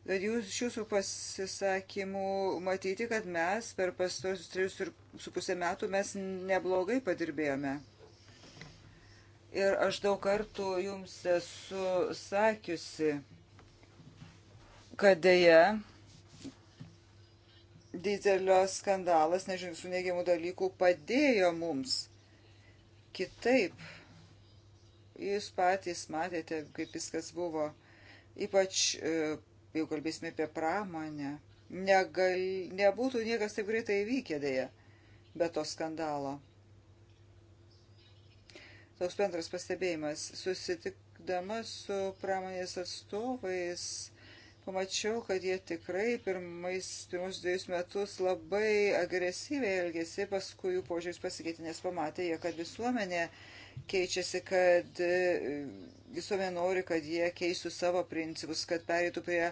Jūs iš jūsų pasisakymų matyti, kad mes per pastarosius trejus ir su pusę metų mes neblogai padirbėjome. Ir aš daug kartų jums esu sakiusi, kad dėja didelio skandalas, nežinau, su neigiamų dalykų padėjo mums. Kitaip, jūs patys matėte, kaip viskas buvo. Ypač e, kai jau kalbėsime apie pramonę, negal, nebūtų niekas taip greitai įvykę dėja be to skandalo. Toks bendras pastebėjimas. Susitikdama su pramonės atstovais, pamačiau, kad jie tikrai pirmais, pirmus dviejus metus labai agresyviai elgėsi, paskui jų požiūris pasikeitė, nes pamatė jie, kad visuomenė keičiasi, kad visuomenė nori, kad jie keistų savo principus, kad perėtų prie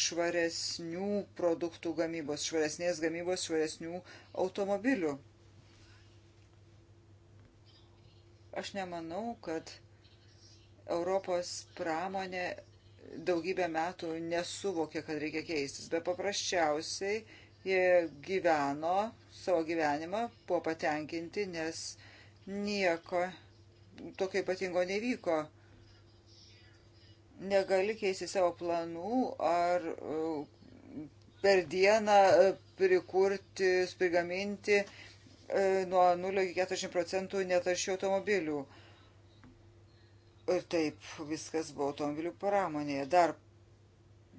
švaresnių produktų gamybos, švaresnės gamybos, švaresnių automobilių. Aš nemanau, kad Europos pramonė daugybę metų nesuvokė, kad reikia keistis, bet paprasčiausiai jie gyveno savo gyvenimą, buvo patenkinti, nes nieko tokio ypatingo nevyko negali keisti savo planų ar e, per dieną e, prikurti, prigaminti e, nuo 0 iki 40 procentų netaršių automobilių. Ir taip viskas buvo automobilių pramonėje. Dar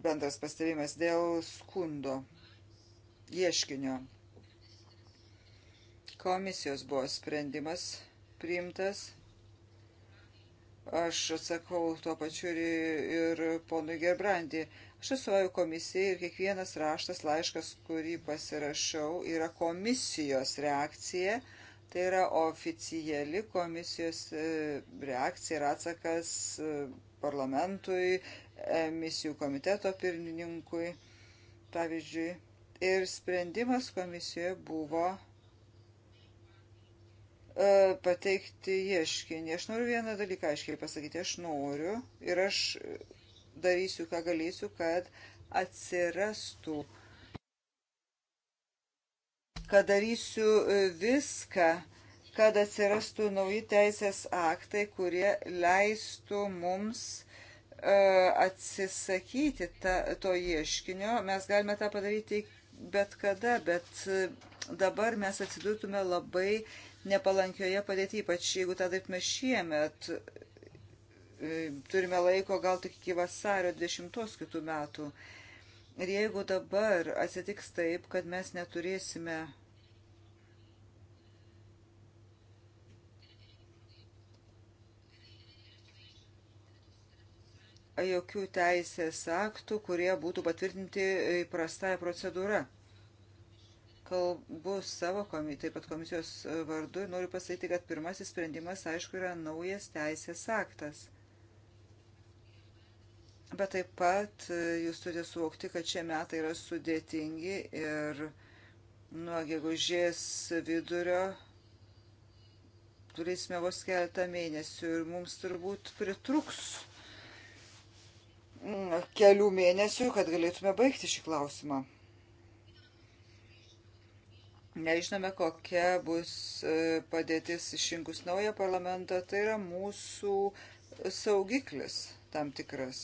bendras pastebimas dėl skundo ieškinio. Komisijos buvo sprendimas priimtas Aš atsakau tuo pačiu ir, ir ponui Gerbrandi. Aš atstovauju komisijai ir kiekvienas raštas, laiškas, kurį pasirašau, yra komisijos reakcija. Tai yra oficiali komisijos e, reakcija ir atsakas e, parlamentui, misijų komiteto pirmininkui, pavyzdžiui. Ir sprendimas komisijoje buvo E, pateikti ieškinį. Aš noriu vieną dalyką aiškiai pasakyti. Aš noriu ir aš darysiu, ką galėsiu, kad atsirastų, kad darysiu e, viską, kad atsirastų nauji teisės aktai, kurie leistų mums e, atsisakyti ta, to ieškinio. Mes galime tą padaryti bet kada, bet dabar mes atsidurtume labai nepalankioje padėtyje, ypač jeigu tą darytume šiemet, e, turime laiko gal tik iki vasario 20 kitų metų. Ir jeigu dabar atsitiks taip, kad mes neturėsime jokių teisės aktų, kurie būtų patvirtinti įprastąją procedūrą kalbu savo komitė, taip pat komisijos e, vardu ir noriu pasakyti, kad pirmasis sprendimas, aišku, yra naujas teisės aktas. Bet taip pat e, jūs turite suvokti, kad šie metai yra sudėtingi ir nuo gegužės vidurio turėsime vos keletą mėnesių ir mums turbūt pritruks mm, kelių mėnesių, kad galėtume baigti šį klausimą. Nežinome, kokia bus e, padėtis išrinkus naują parlamentą. Tai yra mūsų saugiklis tam tikras.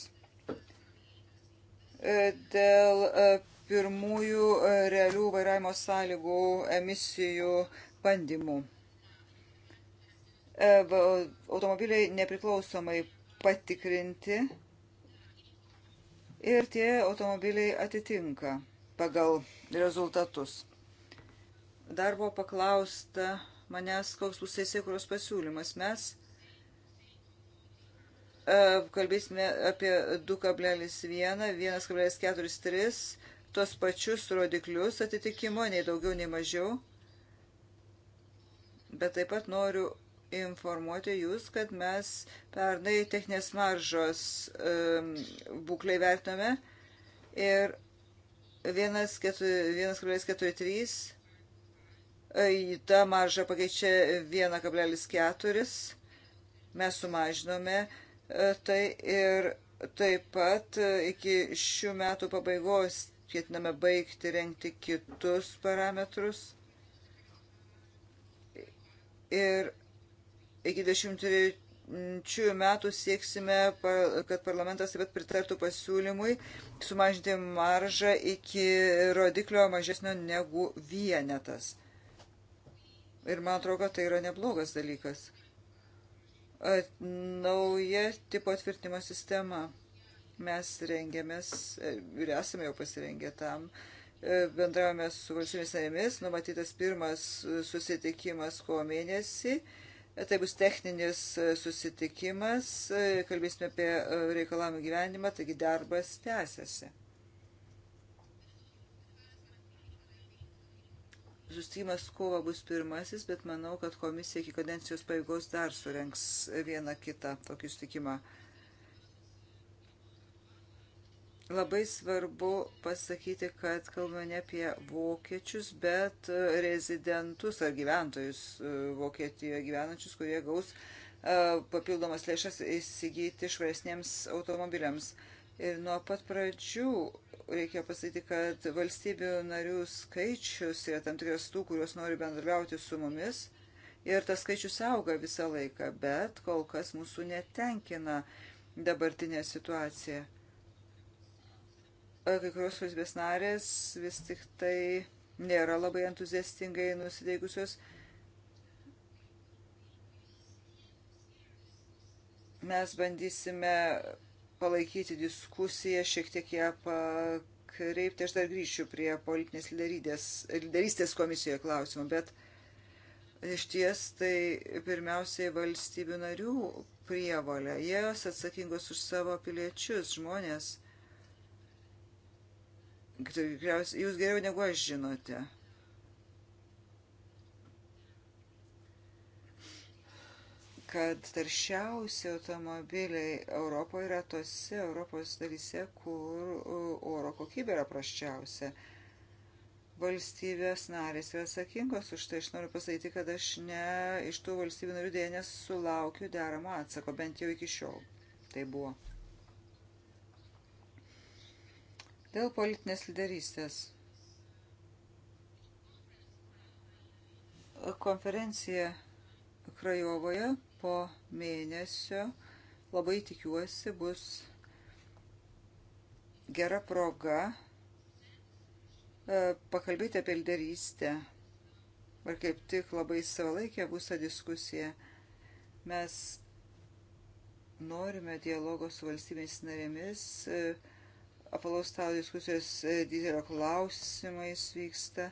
E, dėl e, pirmųjų realių vairavimo sąlygų emisijų bandymų. Automobiliai nepriklausomai patikrinti ir tie automobiliai atitinka pagal rezultatus. Dar buvo paklausta manęs, koks bus teisėkuros pasiūlymas. Mes e, kalbėsime apie 2,1, 1,43, tos pačius rodiklius atitikimo, nei daugiau, nei mažiau. Bet taip pat noriu informuoti jūs, kad mes pernai techninės maržos e, būklei vertiname ir 1,43 E, ta marža pakeičia 1,4, mes sumažinome e, tai ir taip pat e, iki šių metų pabaigos ketiname baigti renkti kitus parametrus. Ir iki 23 metų sieksime, kad parlamentas taip pat pritartų pasiūlymui sumažinti maržą iki rodiklio mažesnio negu vienetas. Ir man atrodo, kad tai yra neblogas dalykas. Nauja tipo tvirtinimo sistema. Mes rengiamės e, ir esame jau pasirengę tam. E, bendravome su valstybės narėmis, numatytas pirmas e, susitikimas kovo mėnesį. Tai bus techninis susitikimas, kalbėsime apie reikalavimų gyvenimą, taigi darbas tęsiasi. Sustikimas kova bus pirmasis, bet manau, kad komisija iki kadencijos pabaigos dar surenks vieną kitą tokį sustikimą. Labai svarbu pasakyti, kad kalbame ne apie vokiečius, bet rezidentus ar gyventojus e, Vokietijoje gyvenančius, kurie gaus e, papildomas lėšas įsigyti švaresniems automobiliams. Ir nuo pat pradžių reikia pasakyti, kad valstybių narių skaičius yra tam tikras tų, kuriuos nori bendrauti su mumis. Ir tas skaičius auga visą laiką, bet kol kas mūsų netenkina dabartinė situacija. Kai kurios valstybės narės vis tik tai nėra labai entuziastingai nusiteikusios. Mes bandysime palaikyti diskusiją, šiek tiek ją pakreipti. Aš dar grįšiu prie politinės lyderystės komisijoje klausimų, bet iš ties tai pirmiausiai valstybių narių prievalė. Jos atsakingos už savo piliečius, žmonės. Jūs geriau negu aš žinote. kad taršiausi automobiliai Europoje yra tose Europos dalyse, kur oro kokybė yra praščiausia. Valstybės narės yra atsakingos už tai. Aš noriu pasakyti, kad aš ne iš tų valstybių narių dėja nesulaukiu deramo atsako, bent jau iki šiol. Tai buvo. Dėl politinės lyderystės. Konferencija Krajovoje po mėnesio, labai tikiuosi, bus gera proga e, pakalbėti apie lyderystę. Ar kaip tik labai savalaikė bus ta diskusija. Mes norime dialogo su valstybės narėmis. E, apalaus tavo diskusijos e, didelio klausimais vyksta.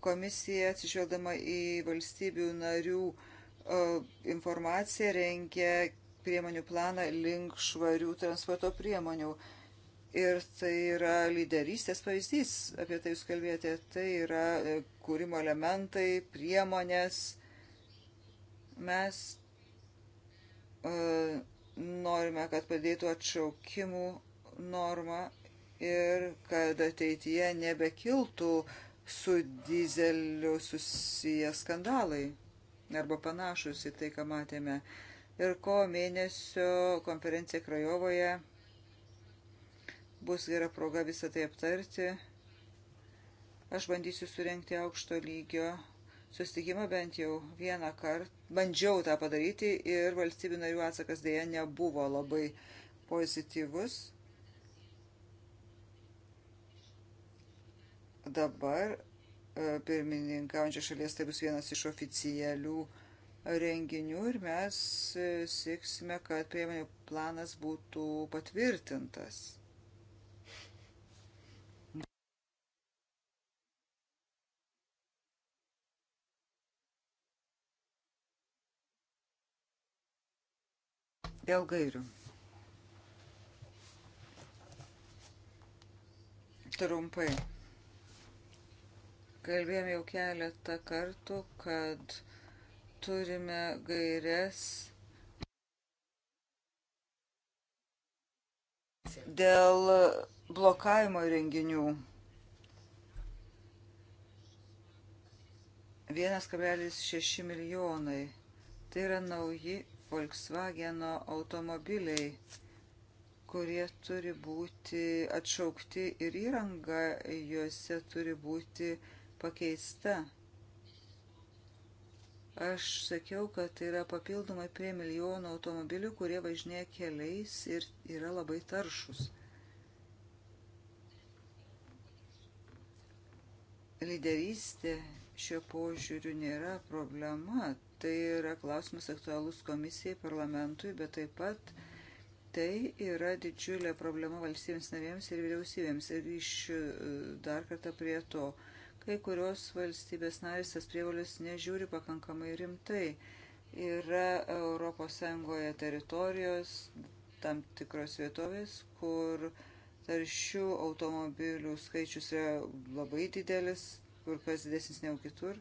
Komisija atsižvelgdama į valstybių narių e, informaciją rengia priemonių planą link švarių transporto priemonių. Ir tai yra lyderystės pavyzdys, apie tai jūs kalbėjote, tai yra e, kūrimo elementai, priemonės. Mes uh, norime, kad padėtų atšaukimų norma ir kad ateityje nebekiltų uh, su dizeliu susiję skandalai arba panašus į tai, ką matėme. Ir ko mėnesio konferencija Krajovoje bus gera proga visą tai aptarti. Aš bandysiu surenkti aukšto lygio susitikimą bent jau vieną kartą. Bandžiau tą padaryti ir valstybių narių atsakas dėja nebuvo labai pozityvus. Dabar e, pirmininkaujančia šalies tai bus vienas iš oficialių renginių ir mes e, sieksime, kad priemonių planas būtų patvirtintas. Dėl gairių. Trumpai. Kalbėjome jau keletą kartų, kad turime gairias dėl blokavimo renginių. 1,6 milijonai. Tai yra nauji Volkswageno automobiliai, kurie turi būti atšaukti ir įranga juose turi būti atšaukti pakeista. Aš sakiau, kad tai yra papildomai prie milijono automobilių, kurie važinėja keliais ir yra labai taršus. Liderystė šio požiūriu nėra problema. Tai yra klausimas aktualus komisijai, parlamentui, bet taip pat tai yra didžiulė problema valstybėms narėms ir vyriausybėms. Ir iš e, dar kartą prie to. Uh, kai kurios valstybės narės tas prievalės nežiūri pakankamai rimtai. Yra ES teritorijos, tam tikros vietovės, kur taršių automobilių skaičius yra labai didelis, kur kas didesnis negu kitur.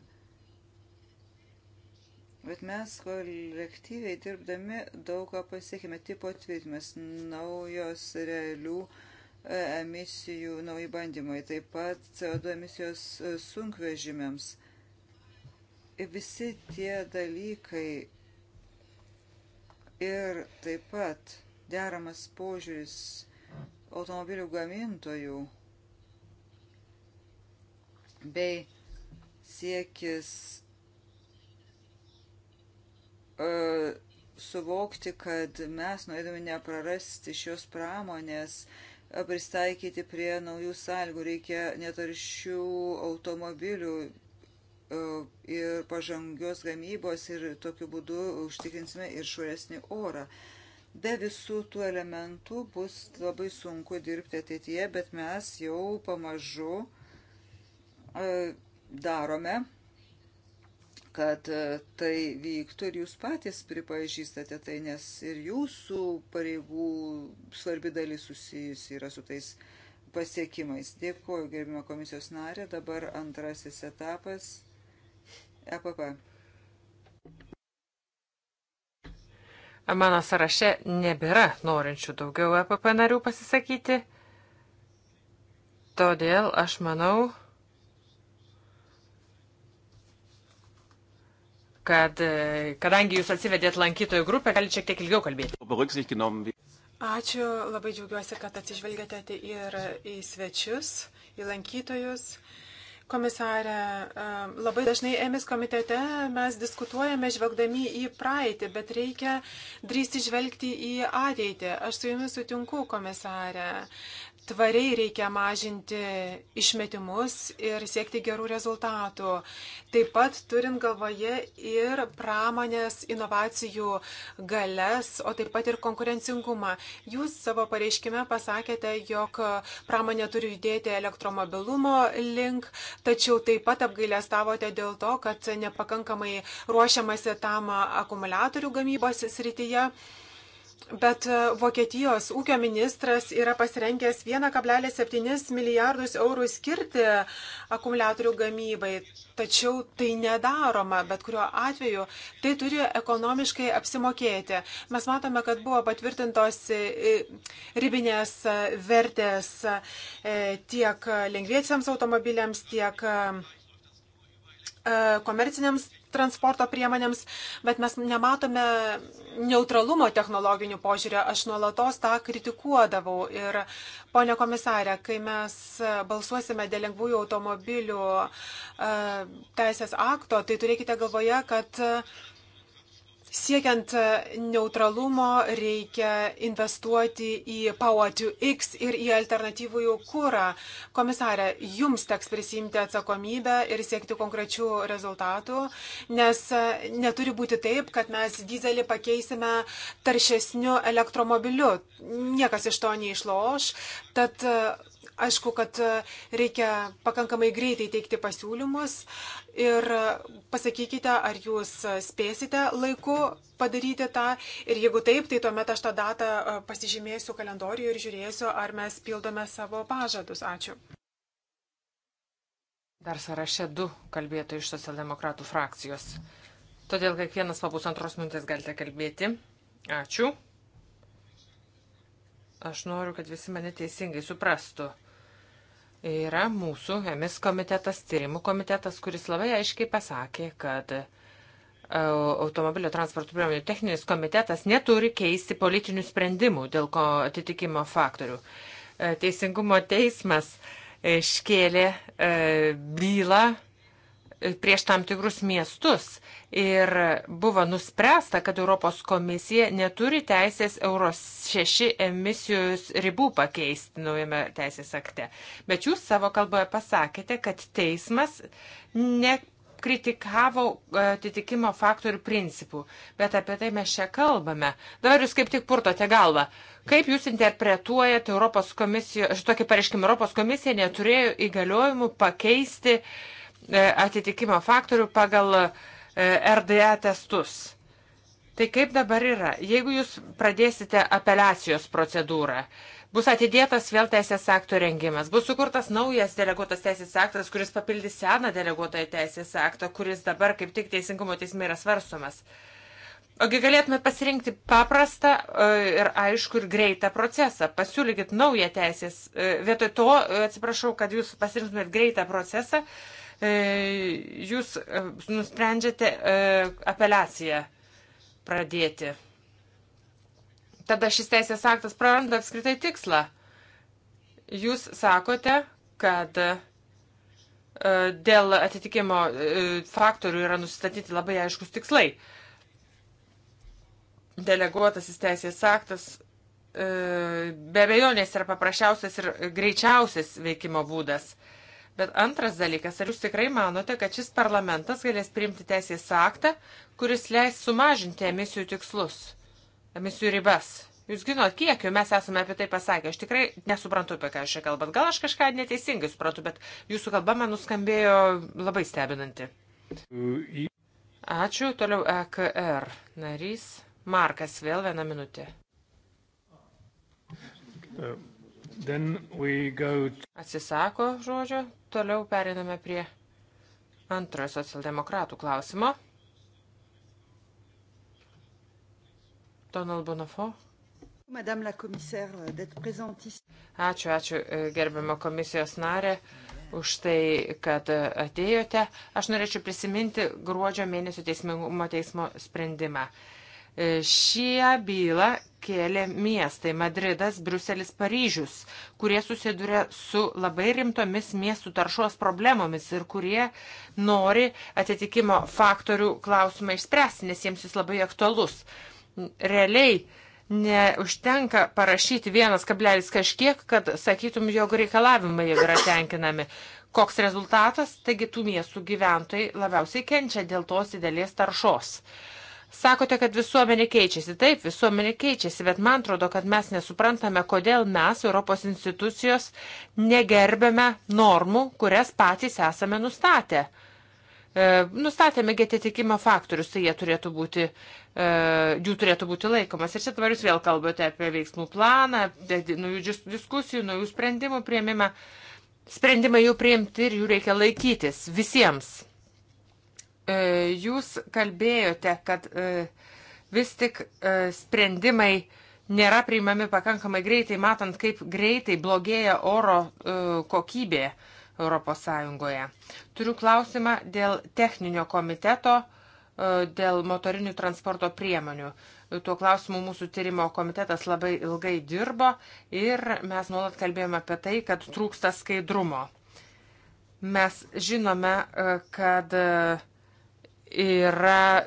Bet mes kolektyviai dirbdami daug ką pasiekime, tipo tvirtimas, naujos realių uh, E, emisijų nauji bandymai, taip pat CO2 emisijos e, sunkvežimiams. E, visi tie dalykai ir taip pat deramas požiūris automobilių gamintojų bei siekis uh, suvokti, kad mes norėdami neprarasti šios pramonės uh, pristaikyti prie naujų sąlygų, reikia netaršių automobilių e, ir pažangios gamybos ir tokiu būdu užtikrinsime ir švaresnį orą. Be visų tų elementų bus labai sunku dirbti ateityje, bet mes jau pamažu e, darome kad e, tai vyktų ir jūs patys pripažįstate tai, nes ir jūsų pareigų svarbi dalis susijusi yra su tais pasiekimais. Dėkuoju, gerbimo komisijos narė. Dabar antrasis etapas. EPP. Mano sąraše nebėra norinčių daugiau EPP narių pasisakyti. Todėl aš manau, kad e, kadangi jūs atsivedėt lankytojų grupę, galite šiek tiek ilgiau kalbėti. Ačiū, labai džiaugiuosi, kad atsižvelgėte ir į svečius, į lankytojus. Komisarė, e, labai dažnai emis komitete mes diskutuojame žvelgdami į praeitį, bet reikia drįsti žvelgti į ateitį. Aš su jumis sutinku, komisarė tvariai reikia mažinti išmetimus ir siekti gerų rezultatų. Taip pat turint galvoje ir pramonės inovacijų galias, o taip pat ir konkurencingumą. Jūs savo pareiškime pasakėte, jog pramonė turi judėti elektromobilumo link, tačiau taip pat apgailestavote dėl to, kad nepakankamai ruošiamasi tam akumuliatorių gamybos srityje. Bet e, Vokietijos ūkio ministras yra pasirengęs 1,7 milijardus eurų skirti akumuliatorių gamybai, tačiau tai nedaroma, bet kuriuo atveju tai turi ekonomiškai apsimokėti. Mes matome, kad buvo patvirtintos e, e, ribinės vertės tiek lengviesiams automobiliams, tiek komerciniams transporto priemonėms, bet mes nematome neutralumo technologinių požiūrio. Aš nuolatos tą kritikuodavau. Ir, ponė komisarė, kai mes balsuosime dėl lengvųjų automobilių e, teisės akto, tai turėkite galvoje, kad Siekiant e, neutralumo reikia investuoti į Power to X ir į alternatyvųjų kūrą. Komisarė, jums teks prisimti atsakomybę ir siekti konkrečių rezultatų, nes e, neturi būti taip, kad mes dizelį pakeisime taršesniu elektromobiliu. Niekas iš to neišloš. Tad e, Aišku, kad e, reikia pakankamai greitai teikti pasiūlymus ir e, pasakykite, ar jūs spėsite laiku padaryti tą ir jeigu taip, tai tuomet aš tą datą e, pasižymėsiu kalendorių ir žiūrėsiu, ar mes pildome savo pažadus. Ačiū. Dar sąraše du kalbėtų iš socialdemokratų frakcijos. Todėl kiekvienas po pusantros minutės galite kalbėti. Ačiū. Aš noriu, kad visi mane teisingai suprastų yra mūsų EMIS komitetas, tyrimų komitetas, kuris labai aiškiai pasakė, kad e, automobilio transporto priemonių techninis komitetas neturi keisti politinių sprendimų dėl ko atitikimo faktorių. E, Teisingumo teismas iškėlė e, bylą prieš tam tikrus miestus ir buvo nuspręsta, kad Europos komisija neturi teisės Euros 6 emisijos ribų pakeisti naujame teisės akte. Bet jūs savo kalboje pasakėte, kad teismas ne kritikavo atitikimo faktorių principų, bet apie tai mes čia kalbame. Dabar jūs kaip tik purtote galvą. Kaip jūs interpretuojate Europos komisijos, šitokį pareiškimą Europos komisija neturėjo įgaliojimų pakeisti uh, E, atitikimo faktorių pagal e, RDA testus. Tai kaip dabar yra? Jeigu jūs pradėsite apeliacijos procedūrą, bus atidėtas vėl teisės aktų rengimas, bus sukurtas naujas deleguotas teisės aktas, kuris papildys seną deleguotąją teisės aktą, kuris dabar kaip tik teisingumo teisme yra svarstomas. Ogi galėtume pasirinkti paprastą e, ir aišku ir greitą procesą. Pasiūlykit naują teisės. Vietoj to, atsiprašau, kad jūs pasirinktumėt greitą procesą, E, jūs e, nusprendžiate e, apeliaciją pradėti. Tada šis teisės aktas praranda apskritai tikslą. Jūs sakote, kad dėl atitikimo faktorių yra nusistatyti labai aiškus tikslai. Deleguotasis teisės aktas be abejonės yra paprasčiausias ir greičiausias veikimo būdas. Bet antras dalykas, ar jūs tikrai manote, kad šis parlamentas galės priimti teisės aktą, kuris leis sumažinti emisijų tikslus, emisijų ribas? Jūs ginot kiekiu, mes esame apie tai pasakę. Aš tikrai nesuprantu, apie ką jūs čia kalbat. Gal aš kažką neteisingai suprantu, bet jūsų kalba man nuskambėjo labai stebinanti. Ačiū. Toliau EKR narys Markas. Vėl vieną minutę. E, To... Atsisako žodžio. Toliau periname prie antrojo socialdemokratų klausimo. Donald Bonafo. Ačiū, ačiū e, gerbiamo komisijos narė už tai, kad e, atėjote. Aš norėčiau prisiminti gruodžio mėnesio teismingumo teismo sprendimą. Uh, E, Šią bylą kėlė miestai Madridas, Bruselis, Paryžius, kurie susiduria su labai rimtomis miestų taršos problemomis ir kurie nori atitikimo faktorių klausimą išspręsti, nes jiems jis labai aktualus. Realiai neužtenka parašyti vienas kablelis kažkiek, kad sakytum, jog reikalavimai yra tenkinami. Koks rezultatas? Taigi tų miestų gyventojai labiausiai kenčia dėl tos didelės taršos. Uh, Sakote, kad visuomenė keičiasi. Taip, visuomenė keičiasi, bet man atrodo, kad mes nesuprantame, kodėl mes, Europos institucijos, negerbėme normų, kurias patys esame nustatę. E, nustatėme getitikimo faktorius, tai jie turėtų būti, e, jų turėtų būti laikomas. Ir čia dabar jūs vėl kalbate apie veiksmų planą, apie naujų diskusijų, naujų sprendimų prieimimą. Sprendimai jau priimti ir jų reikia laikytis visiems E, jūs kalbėjote, kad e, vis tik e, sprendimai nėra priimami pakankamai greitai, matant, kaip greitai blogėja oro kokybė ES. Turiu klausimą dėl techninio komiteto, dėl motorinių transporto priemonių. Tuo klausimu mūsų tyrimo komitetas labai ilgai dirbo ir mes nuolat kalbėjome apie tai, kad trūksta skaidrumo. Mes žinome, kad yra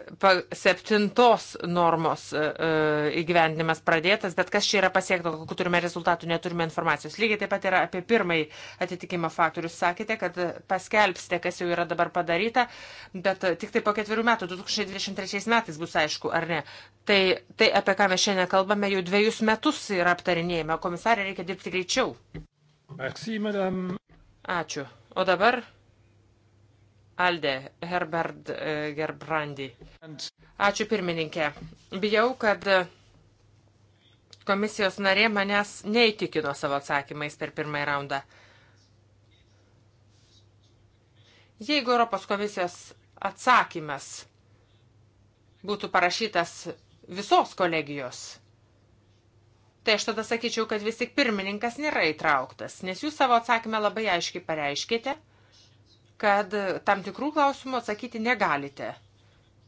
septintos normos e, e, įgyvendimas pradėtas, bet kas čia yra pasiekta, kokiu turime rezultatų, neturime informacijos. Lygiai taip pat yra apie pirmąjį atitikimą faktorius. Sakėte, kad paskelbsite, kas jau yra dabar padaryta, bet tik tai po ketverių metų, 2023 metais bus aišku, ar ne. Tai, tai apie ką mes šiandien kalbame, jau dviejus metus yra aptarinėjama. Komisarė, reikia dirbti greičiau. Merci, madame. Ačiū. O dabar Alde, Herbert e, Gerbrandi. Ačiū pirmininkė. Bijau, kad komisijos narė manęs neįtikino savo atsakymais per pirmąjį raundą. Jeigu Europos komisijos atsakymas būtų parašytas visos kolegijos, Tai aš tada sakyčiau, kad vis tik pirmininkas nėra įtrauktas, nes jūs savo atsakymę labai aiškiai pareiškite, kad tam tikrų klausimų atsakyti negalite,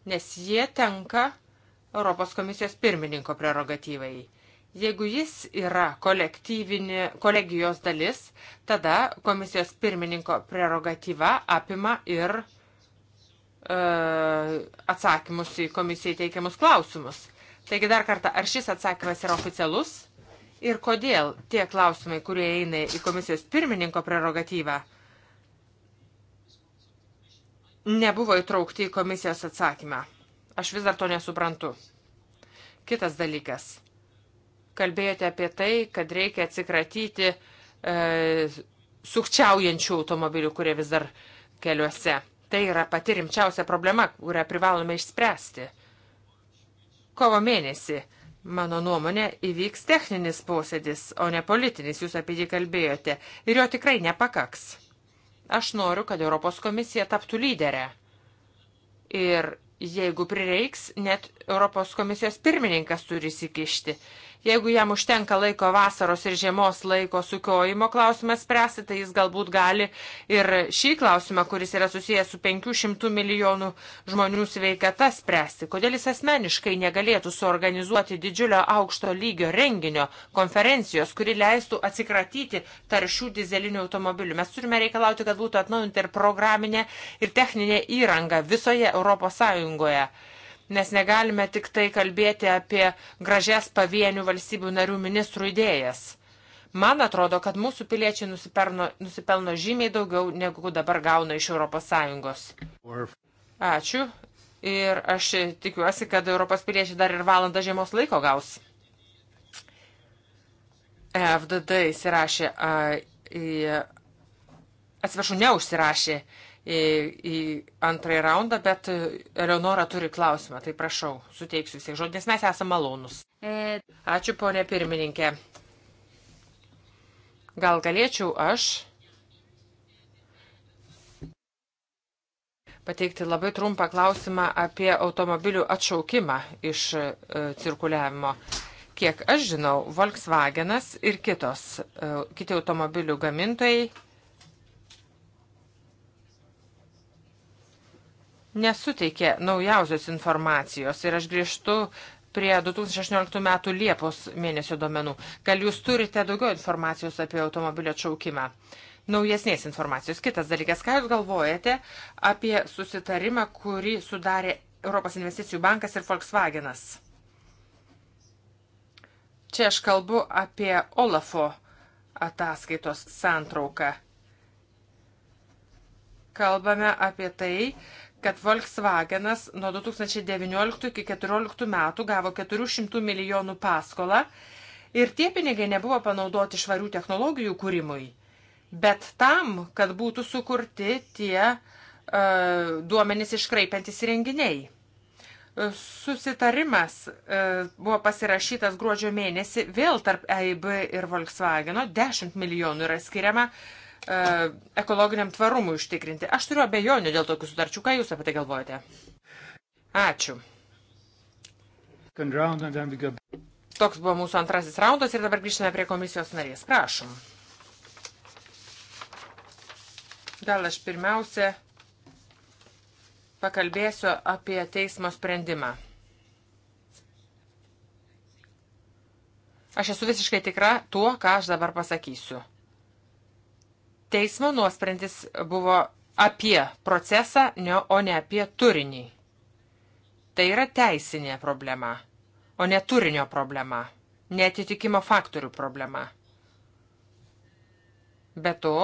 nes jie tenka Europos komisijos pirmininko prerogatyvai. Jeigu jis yra kolegijos dalis, tada komisijos pirmininko prerogatyva apima ir e, atsakymus į komisijai teikiamus klausimus. Taigi dar kartą, ar šis atsakymas yra oficialus ir kodėl tie klausimai, kurie eina į komisijos pirmininko prerogatyvą, nebuvo įtraukti į komisijos atsakymą. Aš vis dar to nesuprantu. Kitas dalykas. Kalbėjote apie tai, kad reikia atsikratyti e, sukčiaujančių automobilių, kurie vis dar keliuose. Tai yra pati rimčiausia problema, kurią privalome išspręsti. Kovo mėnesį, mano nuomonė, įvyks techninis posėdis, o ne politinis, jūs apie jį kalbėjote, ir jo tikrai nepakaks. Aš noriu, kad Europos komisija taptų lyderę. Ir jeigu prireiks, net Europos komisijos pirmininkas turi įsikišti. Jeigu jam užtenka laiko vasaros ir žiemos laiko sukiojimo klausimas spręsti, tai jis galbūt gali ir šį klausimą, kuris yra susijęs su 500 milijonų žmonių sveikata, spręsti. Kodėl jis asmeniškai negalėtų suorganizuoti didžiulio aukšto lygio renginio, konferencijos, kuri leistų atsikratyti taršių dizelinių automobilių. Mes turime reikalauti, kad būtų atnaujinta ir programinė, ir techninė įranga visoje Europos Sąjungoje. Nes negalime tik tai kalbėti apie gražias pavienių valstybių narių ministrų idėjas. Man atrodo, kad mūsų piliečiai nusipelno, nusipelno žymiai daugiau, negu dabar gauna iš ES. Ačiū. Ir aš tikiuosi, kad Europos piliečiai dar ir valandą žiemos laiko gaus. FDD įsirašė, atsiprašau, neužsirašė į antrąjį raundą, bet Eleonora turi klausimą, tai prašau, suteiksiu jums žodį, nes mes esame malonus. E, Ačiū, ponė pirmininkė. Gal galėčiau aš pateikti labai trumpą klausimą apie automobilių atšaukimą iš e, cirkuliavimo. Kiek aš žinau, Volkswagenas ir kitos, e, kiti automobilių gamintojai nesuteikė naujausios informacijos ir aš grįžtu prie 2016 metų Liepos mėnesio domenų. Gal jūs turite daugiau informacijos apie automobilio atšaukimą? Naujesnės informacijos. Kitas dalykas, ką jūs galvojate apie susitarimą, kurį sudarė Europos investicijų bankas ir Volkswagenas? Čia aš kalbu apie Olafo ataskaitos santrauką. Kalbame apie tai, kad Volkswagenas nuo 2019 iki 2014 metų gavo 400 milijonų paskolą ir tie pinigai nebuvo panaudoti švarių technologijų kūrimui, bet tam, kad būtų sukurti tie uh, duomenys iškraipiantis renginiai. Susitarimas uh, buvo pasirašytas gruodžio mėnesį vėl tarp EIB ir Volkswageno, 10 milijonų yra skiriama uh, E, ekologiniam tvarumui užtikrinti. Aš turiu abejonių dėl tokių sutarčių. Ką Jūs apie tai galvojate? Ačiū. Toks buvo mūsų antrasis raundas ir dabar grįžtame prie komisijos narės. Prašom. Gal aš pirmiausia pakalbėsiu apie teismo sprendimą. Aš esu visiškai tikra tuo, ką aš dabar pasakysiu. Teismo nuosprendis buvo apie procesą, o ne apie turinį. Tai yra teisinė problema, o ne turinio problema, netitikimo faktorių problema. Be to,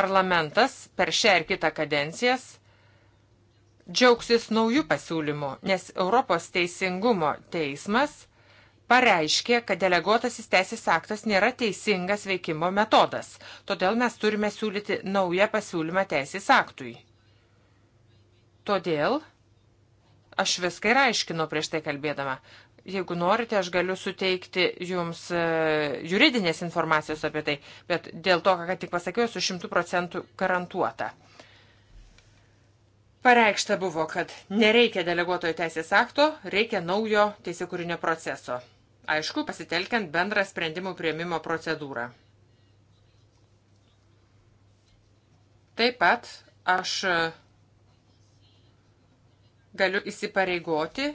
parlamentas per šią ir kitą kadencijas džiaugsis naujų pasiūlymų, nes Europos teisingumo teismas pareiškė, kad deleguotasis teisės aktas nėra teisingas veikimo metodas, todėl mes turime siūlyti naują pasiūlymą teisės aktui. Todėl aš viską ir aiškinu prieš tai kalbėdama. Jeigu norite, aš galiu suteikti jums e, juridinės informacijos apie tai, bet dėl to, ką tik pasakiau, esu šimtų procentų garantuota. Pareikšta buvo, kad nereikia deleguotojo teisės akto, reikia naujo teisėkūrinio proceso. Aišku, pasitelkiant bendrą sprendimų prieimimo procedūrą. Taip pat aš e, galiu įsipareigoti,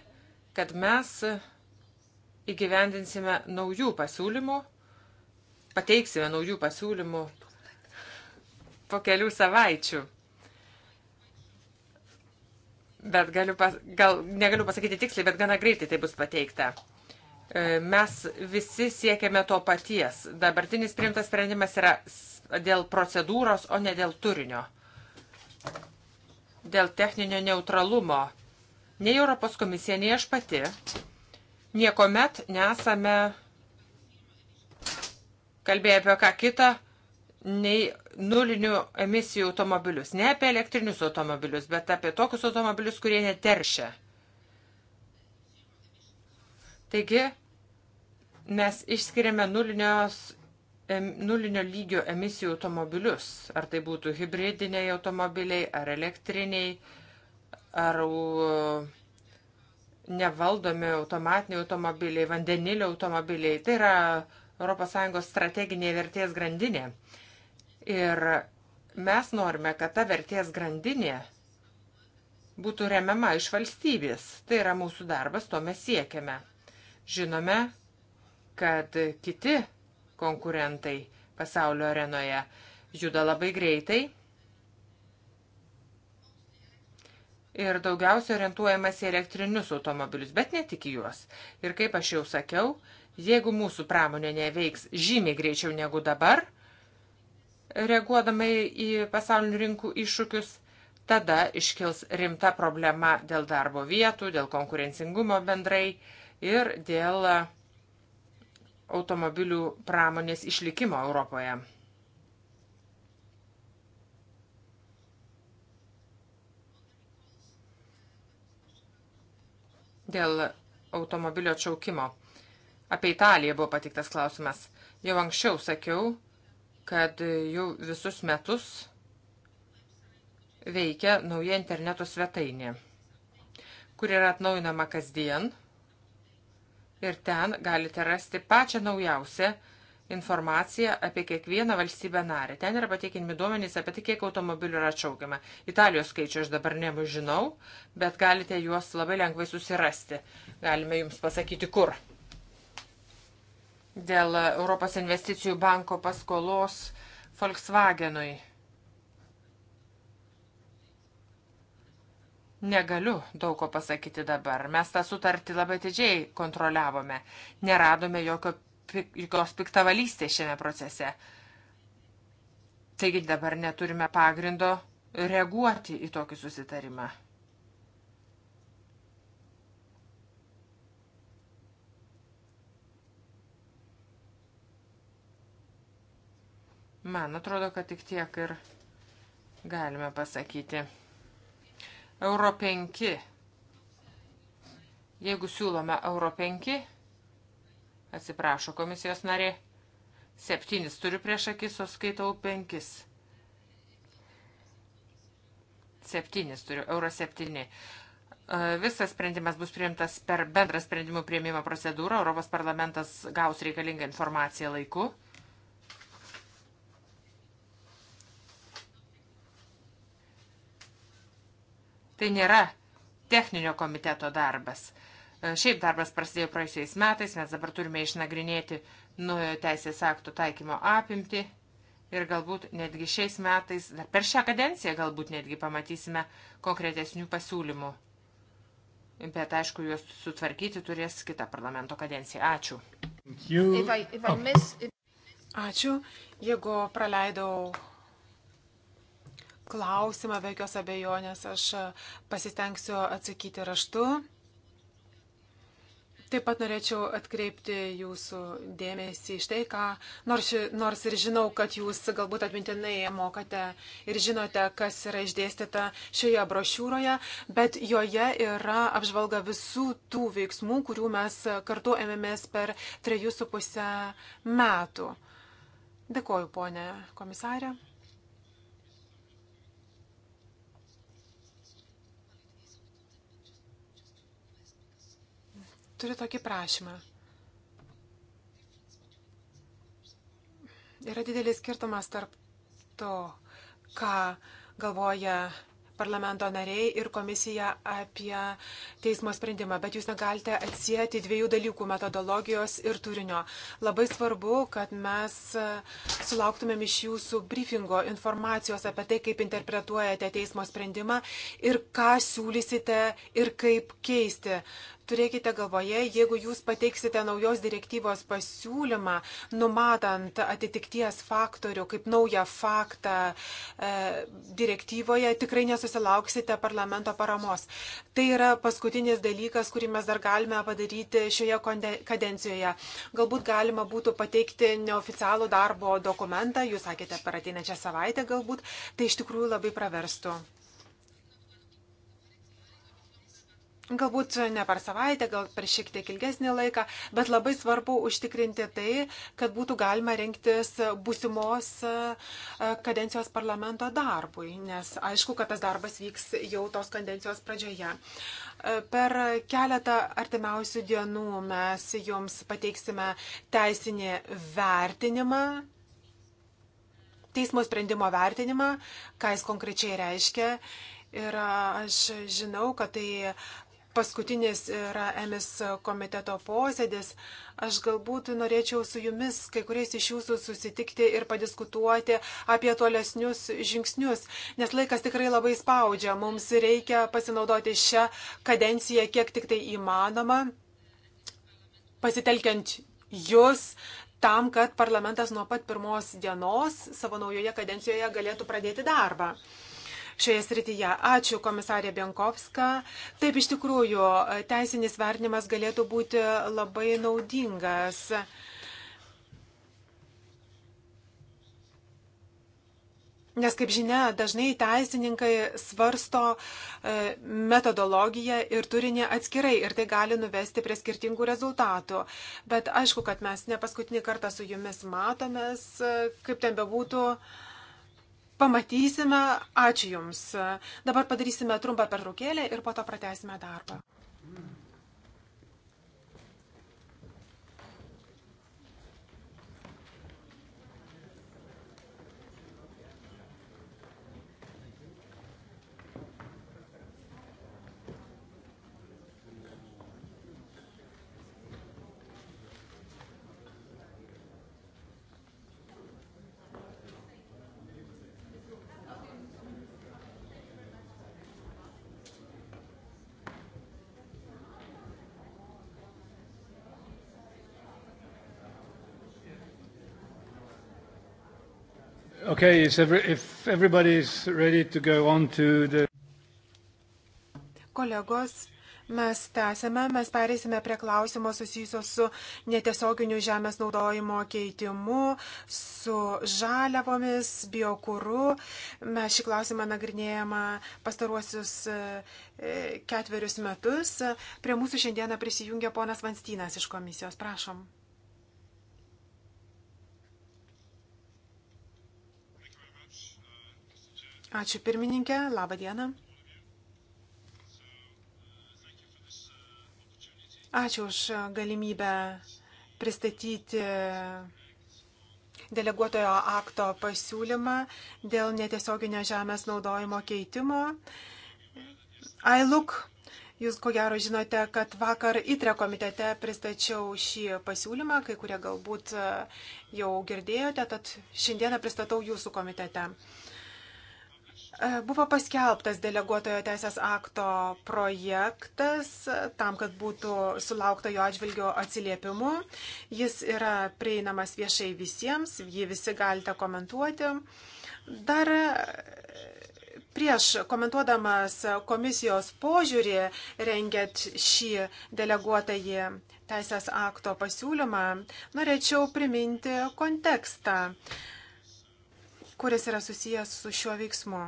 kad mes įgyvendinsime naujų pasiūlymų, pateiksime naujų pasiūlymų po kelių savaičių. Bet galiu pas, gal negaliu pasakyti tiksliai, bet gana greitai tai bus pateikta. E, mes visi siekiame to paties. Dabartinis priimtas sprendimas yra dėl procedūros, o ne dėl turinio. Dėl techninio neutralumo. Nei Europos komisija, nei aš pati niekuomet nesame kalbėję apie ką kitą, nei nulinių emisijų automobilius. Ne apie elektrinius automobilius, bet apie tokius automobilius, kurie neteršia. Taigi, mes išskiriame nulinios nulinio lygio emisijų automobilius, ar tai būtų hybridiniai automobiliai, ar elektriniai, ar e, nevaldomi automatiniai automobiliai, vandenilio automobiliai. Tai yra ES strateginė vertės grandinė. Ir mes norime, kad ta vertės grandinė būtų remiama iš valstybės. Tai yra mūsų darbas, to mes siekiame. Žinome, kad kiti konkurentai pasaulio arenoje juda labai greitai ir daugiausia orientuojamas į elektrinius automobilius, bet ne tik juos. Ir kaip aš jau sakiau, jeigu mūsų pramonė neveiks žymiai greičiau negu dabar, reaguodama į pasaulinių rinkų iššūkius, tada iškils rimta problema dėl darbo vietų, dėl konkurencingumo bendrai ir dėl uh, automobilių pramonės išlikimo Europoje. Dėl automobilio atšaukimo. Apie Italiją buvo patiktas klausimas. Jau anksčiau sakiau, kad jau visus metus veikia nauja interneto svetainė, kur yra atnaujinama kasdien – ir ten galite rasti pačią naujausią informaciją apie kiekvieną valstybę narę. Ten yra pateikinami duomenys apie tai, kiek automobilių yra atšaukiama. Italijos skaičių aš dabar nežinau, bet galite juos labai lengvai susirasti. Galime jums pasakyti, kur. Dėl Europos investicijų banko paskolos Volkswagenui Negaliu daug ko pasakyti dabar. Mes tą sutartį labai didžiai kontroliavome. Neradome jokio, jokios piktavalystės šiame procese. Taigi dabar neturime pagrindo reaguoti į tokį susitarimą. Man atrodo, kad tik tiek ir galime pasakyti. Euro 5. Jeigu siūlome Euro 5, atsiprašo komisijos narė, 7 turiu prieš akis, o skaitau 5. 7 turiu, Euro 7. E, visas sprendimas bus priimtas per bendrą sprendimų prieimimo procedūrą. Europos parlamentas gaus reikalingą informaciją laiku. Tai nėra techninio komiteto darbas. E, šiaip darbas prasidėjo praėjusiais metais, mes dabar turime išnagrinėti nuojo teisės aktų taikymo apimti ir galbūt netgi šiais metais, dar per šią kadenciją galbūt netgi pamatysime konkretesnių pasiūlymų. Bet aišku, juos sutvarkyti turės kita parlamento kadencija. Ačiū. If I, if I miss... Ačiū. Jeigu praleidau klausimą, be jokios abejonės, aš e, pasistengsiu atsakyti raštu. Taip pat norėčiau atkreipti jūsų dėmesį iš tai, ką, nors, nors ir žinau, kad jūs galbūt atmintinai mokate ir žinote, kas yra išdėstyta šioje brošiūroje, bet joje yra apžvalga visų tų veiksmų, kurių mes kartu ėmėmės per trejus su pusę metų. Dėkoju, ponė komisarė. Turiu tokį prašymą. Yra didelis skirtumas tarp to, ką galvoja parlamento nariai ir komisija apie teismo sprendimą, bet jūs negalite atsijėti dviejų dalykų - metodologijos ir turinio. Labai svarbu, kad mes e, sulauktumėm iš jūsų briefingo informacijos apie tai, kaip interpretuojate teismo sprendimą ir ką siūlysite ir kaip keisti turėkite galvoje, jeigu jūs pateiksite naujos direktyvos pasiūlymą, numatant atitikties faktorių kaip naują faktą e, direktyvoje, tikrai nesusilauksite parlamento paramos. Tai yra paskutinis dalykas, kurį mes dar galime padaryti šioje kadencijoje. Galbūt galima būtų pateikti neoficialų darbo dokumentą, jūs sakėte, per ateinančią savaitę galbūt, tai iš tikrųjų labai praverstų. Galbūt ne per savaitę, gal per šiek tiek ilgesnį laiką, bet labai svarbu užtikrinti tai, kad būtų galima rinktis būsimos e, kadencijos parlamento darbui, nes aišku, kad tas darbas vyks jau tos kadencijos pradžioje. E, per keletą artimiausių dienų mes jums pateiksime teisinį vertinimą teismo sprendimo vertinimą, ką jis konkrečiai reiškia. Ir aš žinau, kad tai paskutinis yra EMIS komiteto posėdis. Aš galbūt norėčiau su jumis, kai kuriais iš jūsų susitikti ir padiskutuoti apie tolesnius žingsnius, nes laikas tikrai labai spaudžia. Mums reikia pasinaudoti šią kadenciją kiek tik tai įmanoma, pasitelkiant jūs tam, kad parlamentas nuo pat pirmos dienos savo naujoje kadencijoje galėtų pradėti darbą šioje srityje. Ačiū komisarė Bienkovska. Taip iš tikrųjų, teisinis vertinimas galėtų būti labai naudingas. Nes, kaip žinia, dažnai teisininkai svarsto e, metodologiją ir turinį atskirai ir tai gali nuvesti prie skirtingų rezultatų. Bet aišku, kad mes ne paskutinį kartą su jumis matomės, e, kaip ten bebūtų. būtų pamatysime. Ačiū Jums. Dabar padarysime trumpą pertraukėlę ir po to pratęsime darbą. Okay, is every, if everybody's ready to go on to the... Kolegos, mes tęsime, mes pereisime prie klausimo susijusio su netiesioginiu žemės naudojimo keitimu, su žaliavomis, biokūru. Mes šį klausimą nagrinėjame pastaruosius e, e, ketverius metus. Prie mūsų šiandieną prisijungia ponas Vanstynas iš komisijos. Prašom. Ačiū pirmininkė, laba diena. Ačiū už galimybę pristatyti deleguotojo akto pasiūlymą dėl netiesioginio žemės naudojimo keitimo. iLook, jūs ko gero žinote, kad vakar ITRE komitete pristačiau šį pasiūlymą, kai kurie galbūt jau girdėjote, tad šiandieną pristatau jūsų komitete. E, buvo paskelbtas deleguotojo teisės akto projektas e, tam, kad būtų sulaukta jo atžvilgio atsiliepimu. Jis yra prieinamas viešai visiems, jį visi galite komentuoti. Dar e, prieš komentuodamas komisijos požiūrį, rengiat šį deleguotąjį teisės akto pasiūlymą, norėčiau priminti kontekstą kuris yra susijęs su šiuo veiksmu.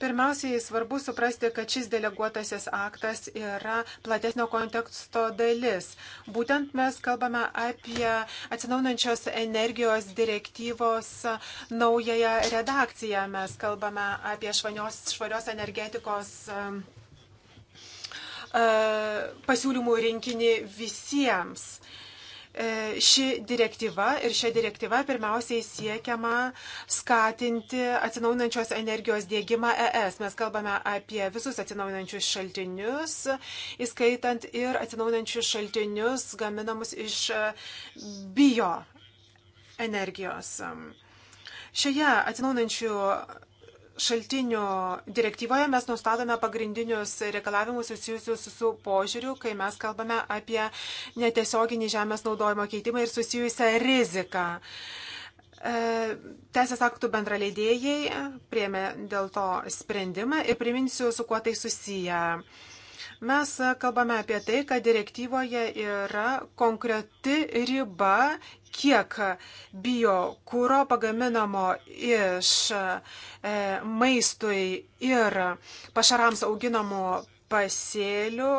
Pirmiausiai svarbu suprasti, kad šis deleguotasis aktas yra platesnio konteksto dalis. Būtent mes kalbame apie atsinaunančios energijos direktyvos naująją redakciją. Mes kalbame apie švanios, švarios energetikos um, uh, pasiūlymų rinkinį visiems. E, ši direktyva ir šią direktyvą pirmiausiai siekiama skatinti atsinaujinančios energijos dėgymą ES. Mes kalbame apie visus atsinaujinančius šaltinius, įskaitant ir atsinaujinančius šaltinius gaminamus iš e, bio energijos. Šioje atsinaujinančių šaltinių direktyvoje mes nustatome pagrindinius reikalavimus susijusius su požiūriu, kai mes kalbame apie netiesioginį žemės naudojimo keitimą ir susijusią riziką. E, teisės aktų bendraleidėjai priemė dėl to sprendimą ir priminsiu, su kuo tai susiję. Mes kalbame apie tai, kad direktyvoje yra konkreti riba, kiek biokūro pagaminamo iš e, maistui ir pašarams auginamo pasėlių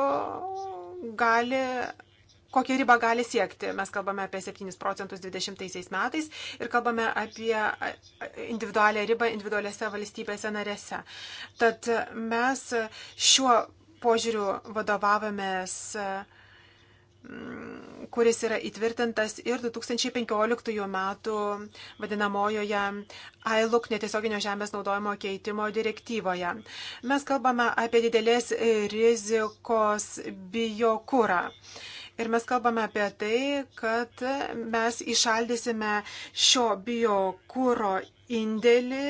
gali kokią ribą gali siekti. Mes kalbame apie 7 procentus 20 metais ir kalbame apie individualią ribą individualiuose valstybėse narėse. Tad mes šiuo požiūriu vadovavomės, e, kuris yra įtvirtintas ir 2015 metų vadinamojoje ILUK netiesioginio žemės naudojimo keitimo direktyvoje. Mes kalbame apie didelės rizikos biokūrą. Ir mes kalbame apie tai, kad mes išaldysime šio biokūro indėlį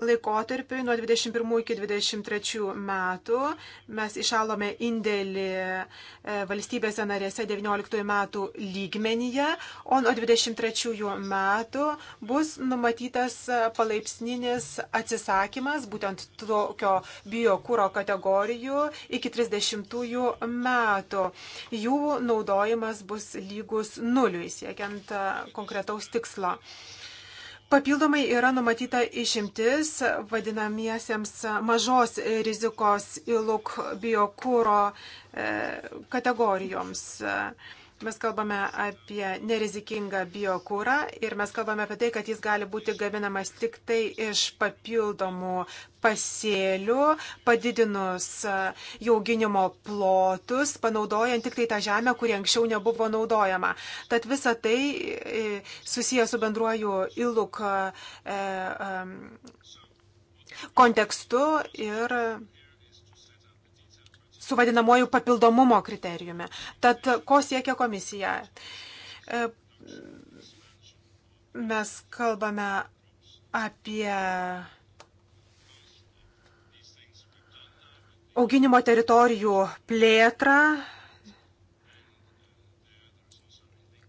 laikotarpiui nuo 21 iki 23 metų. Mes išalome indėlį e, valstybėse narėse 19 metų lygmenyje, o nuo 23 metų bus numatytas palaipsninis atsisakymas būtent tokio biokūro kategorijų iki 30 metų. Jų naudojimas bus lygus nuliui siekiant e, konkretaus tikslo. Papildomai yra numatyta išimtis vadinamiesiems mažos rizikos įluk biokūro e, kategorijoms. E, Mes kalbame apie nerizikingą biokūrą ir mes kalbame apie tai, kad jis gali būti gaminamas tik tai iš papildomų pasėlių, padidinus e, jų auginimo plotus, panaudojant tik tai tą žemę, kuri anksčiau nebuvo naudojama. Tad visa tai e, susijęs su bendruoju iluk e, kontekstu ir su vadinamoju papildomumo kriterijumi. Tad ko siekia komisija? E, mes kalbame apie auginimo teritorijų plėtrą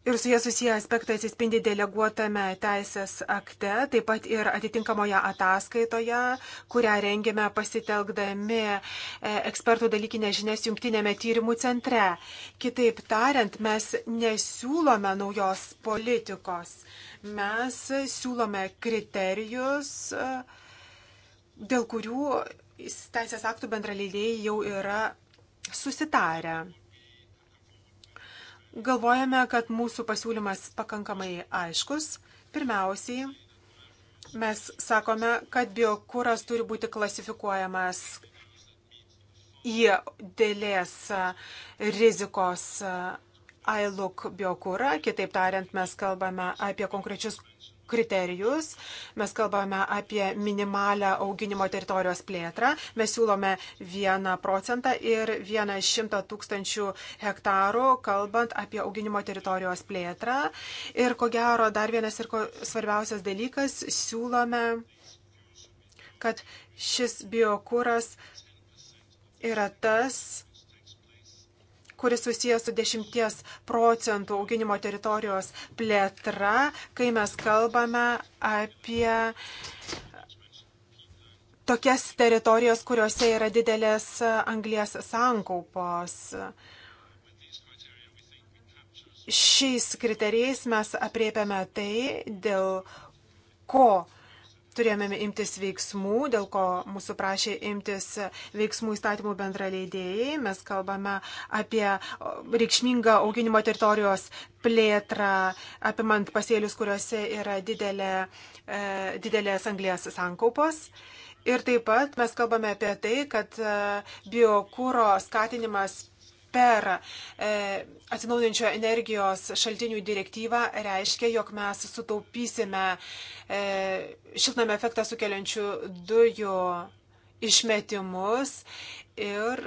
Ir su jie susiję aspektai atsispindi deleguotame teisės akte, taip pat ir atitinkamoje ataskaitoje, kurią rengėme pasitelkdami e, ekspertų dalykinės žinias jungtinėme tyrimų centre. Kitaip tariant, mes nesiūlome naujos politikos, mes siūlome kriterijus, e, dėl kurių teisės aktų bendralydėjai jau yra susitarę. Galvojame, kad mūsų pasiūlymas pakankamai aiškus. Pirmiausiai, mes sakome, kad biokūras turi būti klasifikuojamas į dėlės rizikos ILUK biokūrą. Kitaip tariant, mes kalbame apie konkrečius kriterijus. Mes kalbame apie minimalę auginimo teritorijos plėtrą. Mes siūlome 1 procentą ir 100 tūkstančių hektarų, kalbant apie auginimo teritorijos plėtrą. Ir ko gero, dar vienas ir svarbiausias dalykas, siūlome, kad šis biokūras yra tas, kuris susijęs su 10 procentų auginimo teritorijos plėtra, kai mes kalbame apie tokias teritorijas, kuriuose yra didelės anglės sankaupos. Šiais kriterijais mes apriepiame tai, dėl ko turėjome imtis veiksmų, dėl ko mūsų prašė imtis veiksmų įstatymų bendraleidėjai. Mes kalbame apie reikšmingą auginimo teritorijos plėtrą, apimant pasėlius, kuriuose yra didelė, e, didelės anglės sankaupos. Ir taip pat mes kalbame apie tai, kad e, biokūro skatinimas per e, atsinaujinančio energijos šaltinių direktyvą reiškia, jog mes sutaupysime e, šiltnamio efektą sukeliančių dujų išmetimus ir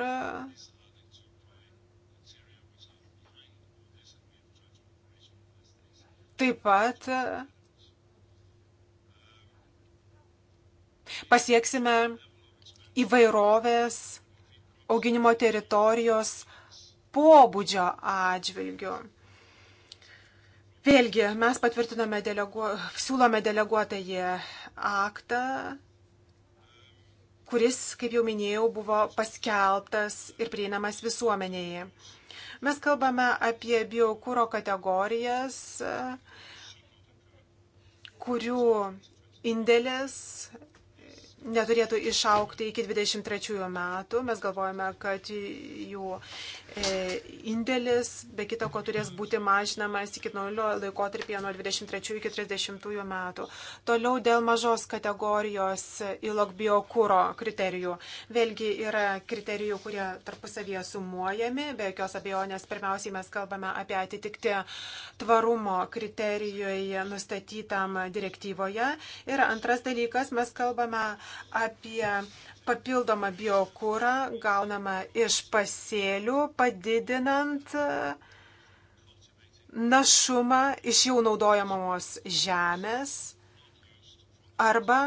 taip pat pasieksime įvairovės auginimo teritorijos pobūdžio atžvilgiu. Vėlgi, mes patvirtiname, delegu... siūlome deleguotąjį aktą, kuris, kaip jau minėjau, buvo paskelbtas ir prieinamas visuomenėje. Mes kalbame apie biokūro kategorijas, kurių indėlis neturėtų išaukti iki 23 metų. Mes galvojame, kad jų e, indėlis be kita ko turės būti mažinamas iki naulio laikotarpyje nuo 23 iki 30 metų. Toliau dėl mažos kategorijos įlog biokūro kriterijų. Vėlgi yra kriterijų, kurie tarpusavyje sumuojami. Be jokios abejonės, pirmiausiai mes kalbame apie atitikti tvarumo kriterijoje nustatytam direktyvoje. Ir antras dalykas, mes kalbame apie papildomą biokūrą gaunamą iš pasėlių, padidinant e, našumą iš jau naudojamos žemės arba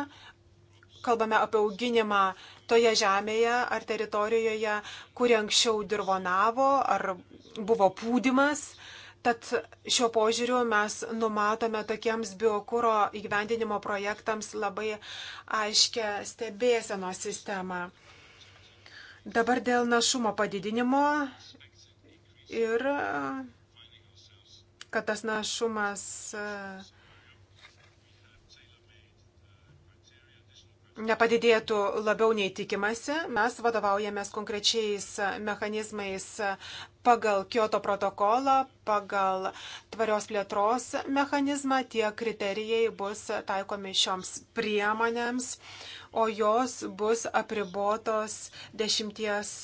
kalbame apie auginimą toje žemėje ar teritorijoje, kuri anksčiau dirvonavo ar buvo pūdymas Tad šiuo požiūriu mes numatome tokiems biokūro įgyvendinimo projektams labai aiškę stebėseno sistemą. Dabar dėl našumo padidinimo ir kad tas našumas uh, nepadidėtų labiau nei tikimasi. Mes vadovaujamės konkrečiais mechanizmais pagal Kyoto protokolą, pagal tvarios plėtros mechanizmą. Tie kriterijai bus taikomi šioms priemonėms, o jos bus apribotos dešimties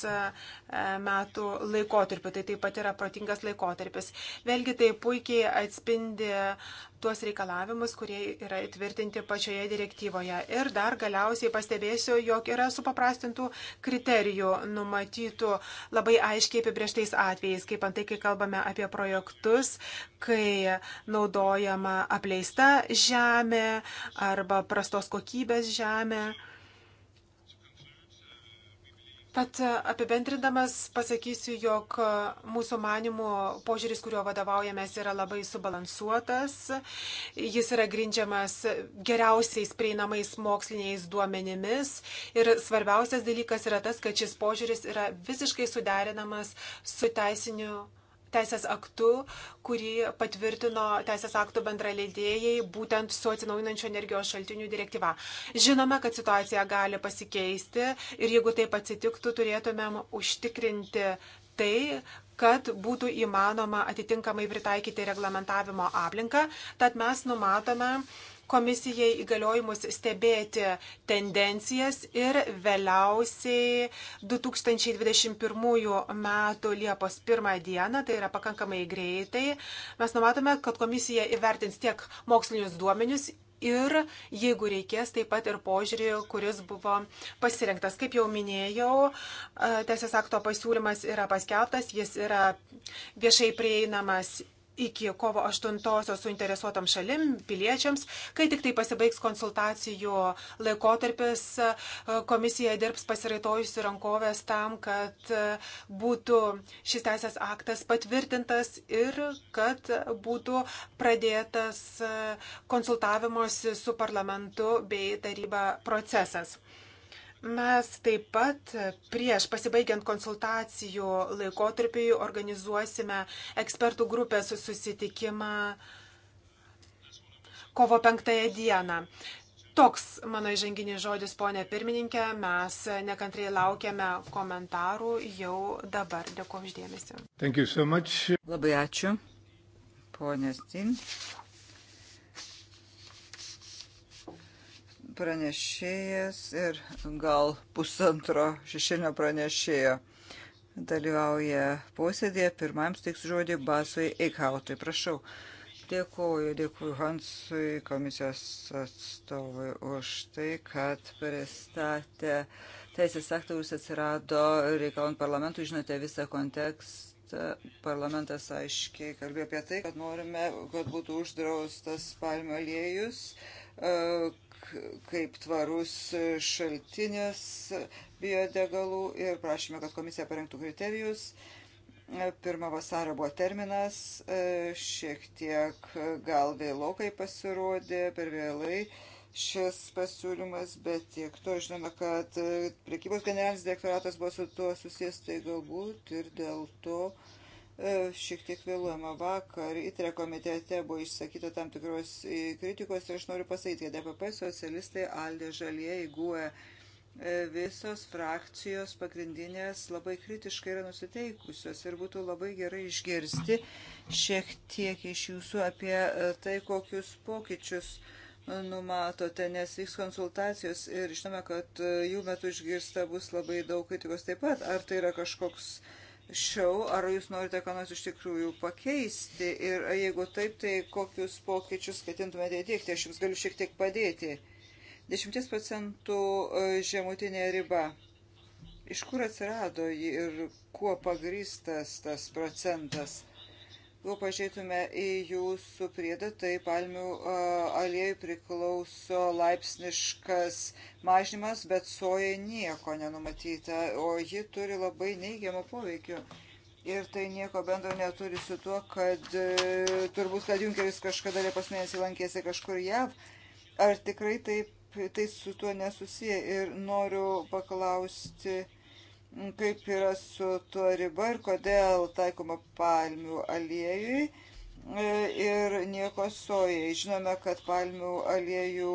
E, metų laikotarpiu. Tai taip pat yra protingas laikotarpis. Vėlgi tai puikiai atspindi tuos reikalavimus, kurie yra įtvirtinti pačioje direktyvoje. Ir dar galiausiai pastebėsiu, jog yra supaprastintų kriterijų numatytų labai aiškiai apibrieštais atvejais, kaip antai, kai kalbame apie projektus, kai naudojama apleista žemė arba prastos kokybės žemė. Tad e, apibendrindamas pasakysiu, jog e, mūsų manimų požiūris, kuriuo vadovaujamės, yra labai subalansuotas. Jis yra grindžiamas geriausiais prieinamais moksliniais duomenimis. Ir svarbiausias dalykas yra tas, kad šis požiūris yra visiškai suderinamas su teisiniu teisės aktu, kurį patvirtino teisės aktų bendralėdėjai būtent su atsinaujinančio energijos šaltinių direktyva. Žinome, kad situacija gali pasikeisti ir jeigu taip atsitiktų, turėtumėm užtikrinti tai, kad būtų įmanoma atitinkamai pritaikyti reglamentavimo aplinką. Tad mes numatome komisijai įgaliojimus stebėti tendencijas ir vėliausiai 2021 m. Liepos 1 dieną, tai yra pakankamai greitai, mes numatome, kad komisija įvertins tiek mokslinius duomenius ir, jeigu reikės, taip pat ir požiūrį, kuris buvo pasirinktas. Kaip jau minėjau, teisės akto pasiūlymas yra paskelbtas, jis yra viešai prieinamas iki kovo 8-osios suinteresuotam šalim, piliečiams. Kai tik tai pasibaigs konsultacijų laikotarpis, komisija dirbs pasiraitojusi rankovės tam, kad būtų šis teisės aktas patvirtintas ir kad būtų pradėtas konsultavimosi su parlamentu bei taryba procesas. Mes taip pat prieš pasibaigiant konsultacijų laikotarpiui organizuosime ekspertų grupės susitikimą kovo penktąją dieną. Toks mano įžanginis žodis, ponė pirmininkė, mes nekantriai laukiame komentarų jau dabar. Dėkuoju uždėmesi. So much. Labai ačiū, ponė Stin. pranešėjas ir gal pusantro šešinio pranešėjo dalyvauja posėdėje. Pirmam steiksiu žodį Basui Eikautui. Prašau. Dėkuoju, dėkuoju Hansui komisijos atstovui už tai, kad pristatė teisės aktorius atsirado reikalant parlamentui, žinote visą kontekstą. Parlamentas aiškiai kalbėjo apie tai, kad norime, kad būtų uždraustas palmių aliejus, kaip tvarus šaltinis biodegalų ir prašymė, kad komisija parengtų kriterijus. 1 vasario buvo terminas, e, šiek tiek gal vėlokai pasirodė, per vėlai šis pasiūlymas, bet tiek to žinome, kad e, priekybos generalinis direktoratas buvo su tuo susijęs, tai galbūt ir dėl to uh, E, šiek tiek vėluojama vakar. ITRE komitete buvo išsakyta tam tikros e, kritikos ir aš noriu pasakyti, kad DPP e socialistai, Aldė Žalieji, GUE, visos frakcijos pagrindinės labai kritiškai yra nusiteikusios ir būtų labai gerai išgirsti šiek tiek iš jūsų apie tai, kokius pokyčius numatote, nes vyks konsultacijos ir žinome, kad jų metu išgirsta bus labai daug kritikos taip pat. Ar tai yra kažkoks uh, Šiau, ar jūs norite ką nors iš tikrųjų pakeisti ir jeigu taip, tai kokius pokyčius ketintumėte įdėkti, aš jums galiu šiek tiek padėti. 10 procentų e, žemutinė riba. Iš kur atsirado ir kuo pagrįstas tas procentas? Jeigu pažiūrėtume į jūsų priedą, tai palmių aliejų priklauso laipsniškas mažinimas, bet soja nieko nenumatyta, o ji turi labai neigiamą poveikį. Ir tai nieko bendro neturi su tuo, kad e, turbūt, kad Junkeris kažkada Liepos mėnesį lankėsi kažkur JAV. Ar tikrai taip, tai su tuo nesusiję? Ir noriu paklausti kaip yra su tuo riba ir kodėl taikoma palmių aliejui e, ir nieko sojai. Žinome, kad palmių aliejų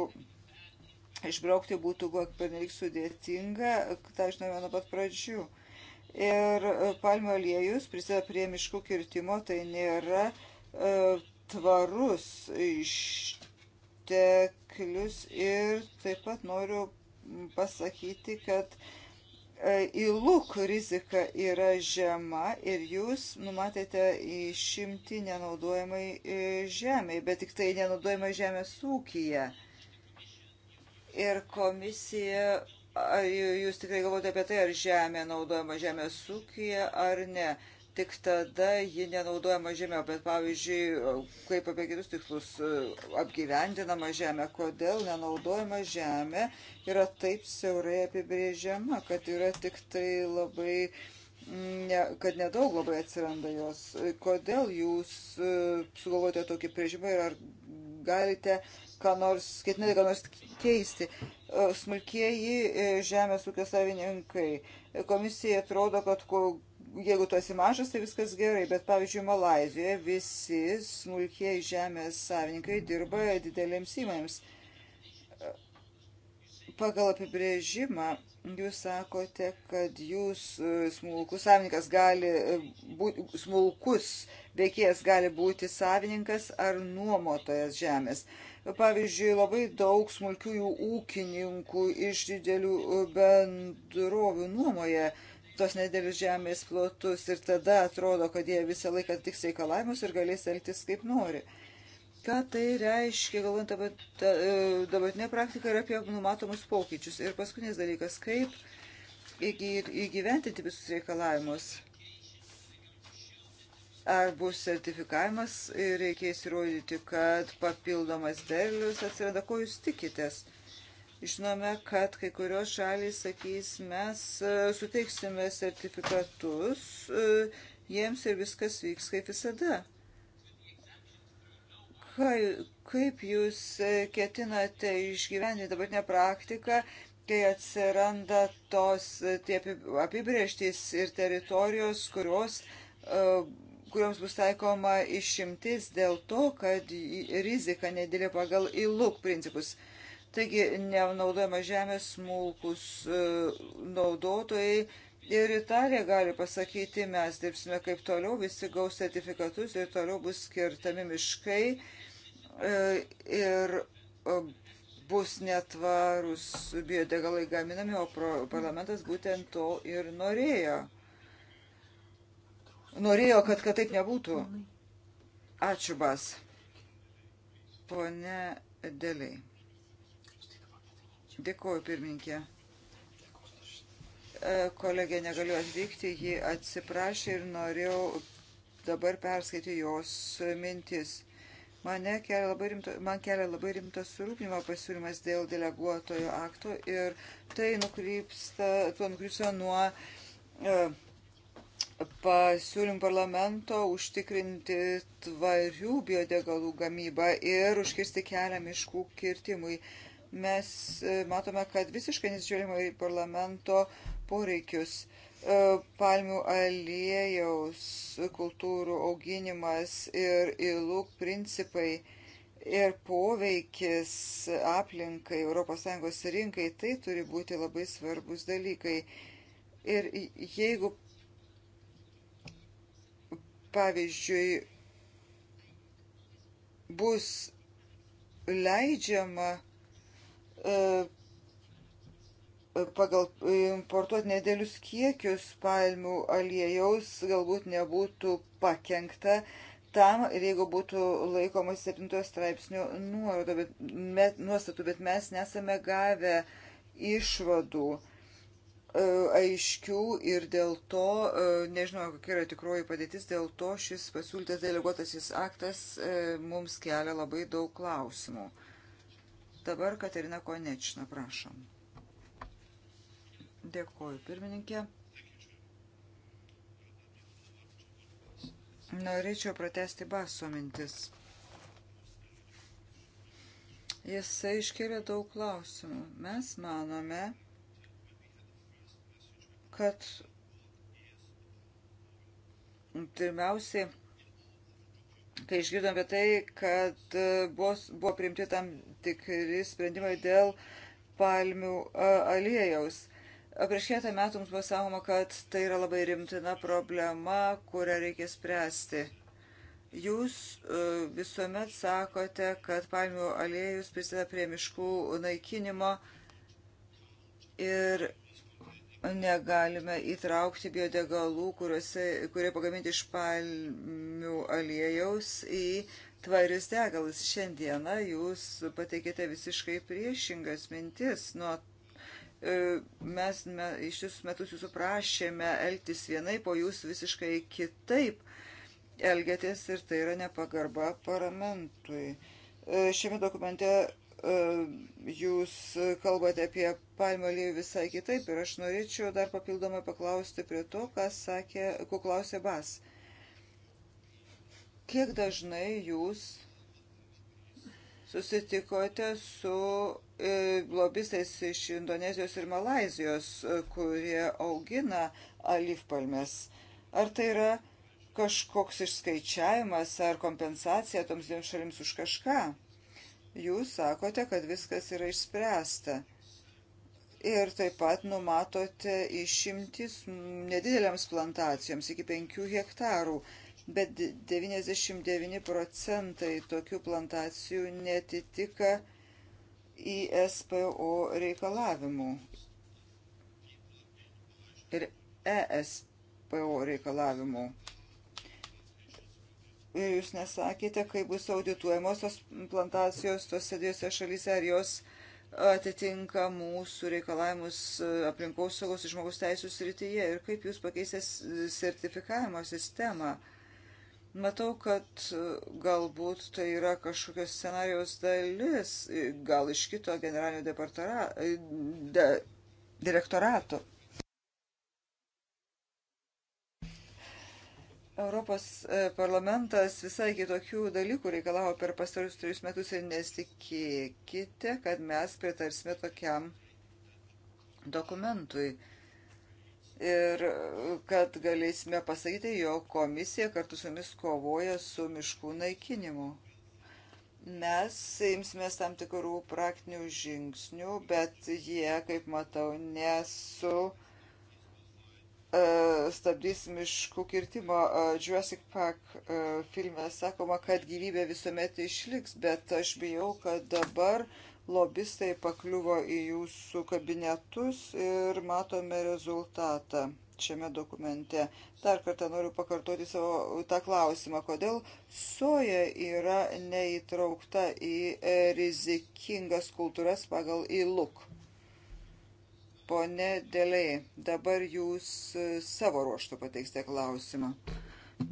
išbraukti būtų buvo pernelyg sudėtinga, tą žinome nuo pat pradžių. Ir e, palmių aliejus prisideda prie miškų kirtimo, tai nėra e, tvarus išteklius ir taip pat noriu pasakyti, kad e, E, įlūk rizika yra žema ir jūs numatėte išimti nenaudojamai e, žemiai, bet tik tai nenaudojamai žemės ūkyje. Ir komisija, ar jūs tikrai galvote apie tai, ar žemė naudojama žemės ūkyje ar ne tik tada ji nenaudojama žemė, bet pavyzdžiui, kaip apie kitus tikslus e, apgyvendinama žemė, kodėl nenaudojama žemė yra taip siaurai apibrėžiama, kad yra tik tai labai mm, ne, kad nedaug labai atsiranda jos. Kodėl jūs e, sugalvojate tokį priežimą ir ar galite ką nors, ketinate ką nors keisti? E, smulkieji žemės ūkio savininkai. Komisija atrodo, kad jeigu tu esi mažas, tai viskas gerai, bet pavyzdžiui, Malazijoje visi smulkiai žemės savininkai dirba didelėms įmonėms. Pagal apibrėžimą Jūs sakote, kad jūs e, smulkus savininkas gali e, būti, smulkus veikėjas gali būti savininkas ar nuomotojas žemės. Pavyzdžiui, labai daug smulkiųjų ūkininkų iš didelių e, bendrovių nuomoja tos nedėlius žemės plotus ir tada atrodo, kad jie visą laiką tiks reikalavimus ir galės elgtis kaip nori. Ką tai reiškia, galvant apie e, dabartinę praktiką ir apie numatomus pokyčius. Ir paskutinis dalykas, kaip įgyventinti visus reikalavimus. Ar bus sertifikavimas ir reikės įrodyti, kad papildomas derlius atsiranda, ko jūs tikitės. Žinome, kad kai kurios šalys sakys, mes e, suteiksime sertifikatus e, jiems ir viskas vyks kaip visada. Kaip jūs e, ketinate išgyventi dabartinę praktiką, kai atsiranda tos tie apibrieštys ir teritorijos, kurios kuriuoms bus taikoma išimtis dėl to, kad rizika nedėlė pagal įlūk principus. E, Taigi nenaudojama žemė smulkus e, naudotojai. Ir Italija gali pasakyti, mes dirbsime kaip toliau, visi gaus sertifikatus ir toliau bus skirtami miškai e, ir e, bus netvarus biodegalai gaminami, o parlamentas būtent to ir norėjo. Norėjo, kad, kad taip nebūtų. Ačiū, Bas. Pone Deliai. Dėkuoju, pirminkė. E, kolegė negaliu atvykti, ji atsiprašė ir norėjau dabar perskaityti jos mintis. Mane kelia labai rimto, man kelia labai rimtas surūpnimo pasiūlymas dėl deleguotojo akto ir tai nukrypsta, tuo nukrypsta nuo e, pasiūlymų parlamento užtikrinti tvarių biodegalų gamybą ir užkirsti kelią miškų kirtimui. E, mes e, matome, kad visiškai nesižiūrima į parlamento poreikius. E, palmių aliejaus kultūrų auginimas ir įlūk principai ir poveikis aplinkai, ES rinkai, tai turi būti labai svarbus dalykai. Ir jeigu, pavyzdžiui, bus leidžiama E, pagal importuoti nedėlius kiekius palmių aliejaus galbūt nebūtų pakengta tam ir jeigu būtų laikomas 7 straipsnio nuorodo, bet, met, nuostatų, bet mes nesame gavę išvadų e, aiškių ir dėl to, e, nežinau, kokia yra tikroji padėtis, dėl to šis pasiūlytas deleguotasis aktas e, mums kelia labai daug klausimų. Dabar Katerina Konečna, prašom. Dėkuoju, pirmininkė. Norėčiau pratesti baso mintis. Jisai iškėlė daug klausimų. Mes manome, kad pirmiausiai Kai išgirdom apie tai, kad e, buvo, buvo priimti tam tikri sprendimai dėl palmių e, aliejaus. E, prieš keletą metų mums buvo sakoma, kad tai yra labai rimtina problema, kurią reikia spręsti. Jūs visuomet sakote, kad palmių aliejus prisideda prie miškų naikinimo ir negalime įtraukti biodegalų, kuriuose, kurie pagaminti iš palmių aliejaus į tvarius degalus. Šiandieną jūs pateikėte visiškai priešingas mintis. Nuo e, mes me, iš jūsų metus jūsų prašėme elgtis vienai, po jūs visiškai kitaip elgėtės ir tai yra nepagarba parlamentui. E, šiame dokumente jūs kalbate apie palmių aliejų visai kitaip ir aš norėčiau dar papildomai paklausti prie to, kas sakė, ko klausė Bas. Kiek dažnai jūs susitikote su e, lobistais iš Indonezijos ir Malazijos, e, kurie augina alyvpalmes? Ar tai yra kažkoks išskaičiavimas ar kompensacija toms dviem šalims už kažką? Jūs sakote, kad viskas yra išspręsta. Ir taip pat numatote išimtis nedidelėms plantacijoms iki 5 hektarų, bet 99 procentai tokių plantacijų netitika ISPO reikalavimų ir ESPO reikalavimų. Ir jūs nesakėte, kaip bus audituojamosios plantacijos tose dviejose šalyse, ar jos atitinka mūsų reikalavimus aplinkos saugos ir žmogus teisų srityje ir kaip jūs pakeisės sertifikavimo sistemą. Matau, kad galbūt tai yra kažkokios scenarijos dalis, gal iš kito generalinio de, direktorato. Europos e, parlamentas visai kitokių dalykų reikalavo per pastarus trijus metus ir nesitikėkite, kad mes pritarsime tokiam dokumentui. Ir kad galėsime pasakyti, jog komisija kartu su mumis kovoja su miškų naikinimu. Mes imsime tam tikrų praktinių žingsnių, bet jie, kaip matau, nesu. Uh, E, stabdys miškų kirtimo. E, Jurassic Park e, filme sakoma, kad gyvybė visuomet išliks, bet aš bijau, kad dabar lobistai pakliuvo į jūsų kabinetus ir matome rezultatą šiame dokumente. Dar kartą noriu pakartoti savo tą klausimą, kodėl soja yra neįtraukta į rizikingas kultūras pagal įluk. E Pone Deliai, dabar jūs e, savo ruoštų pateiksite klausimą.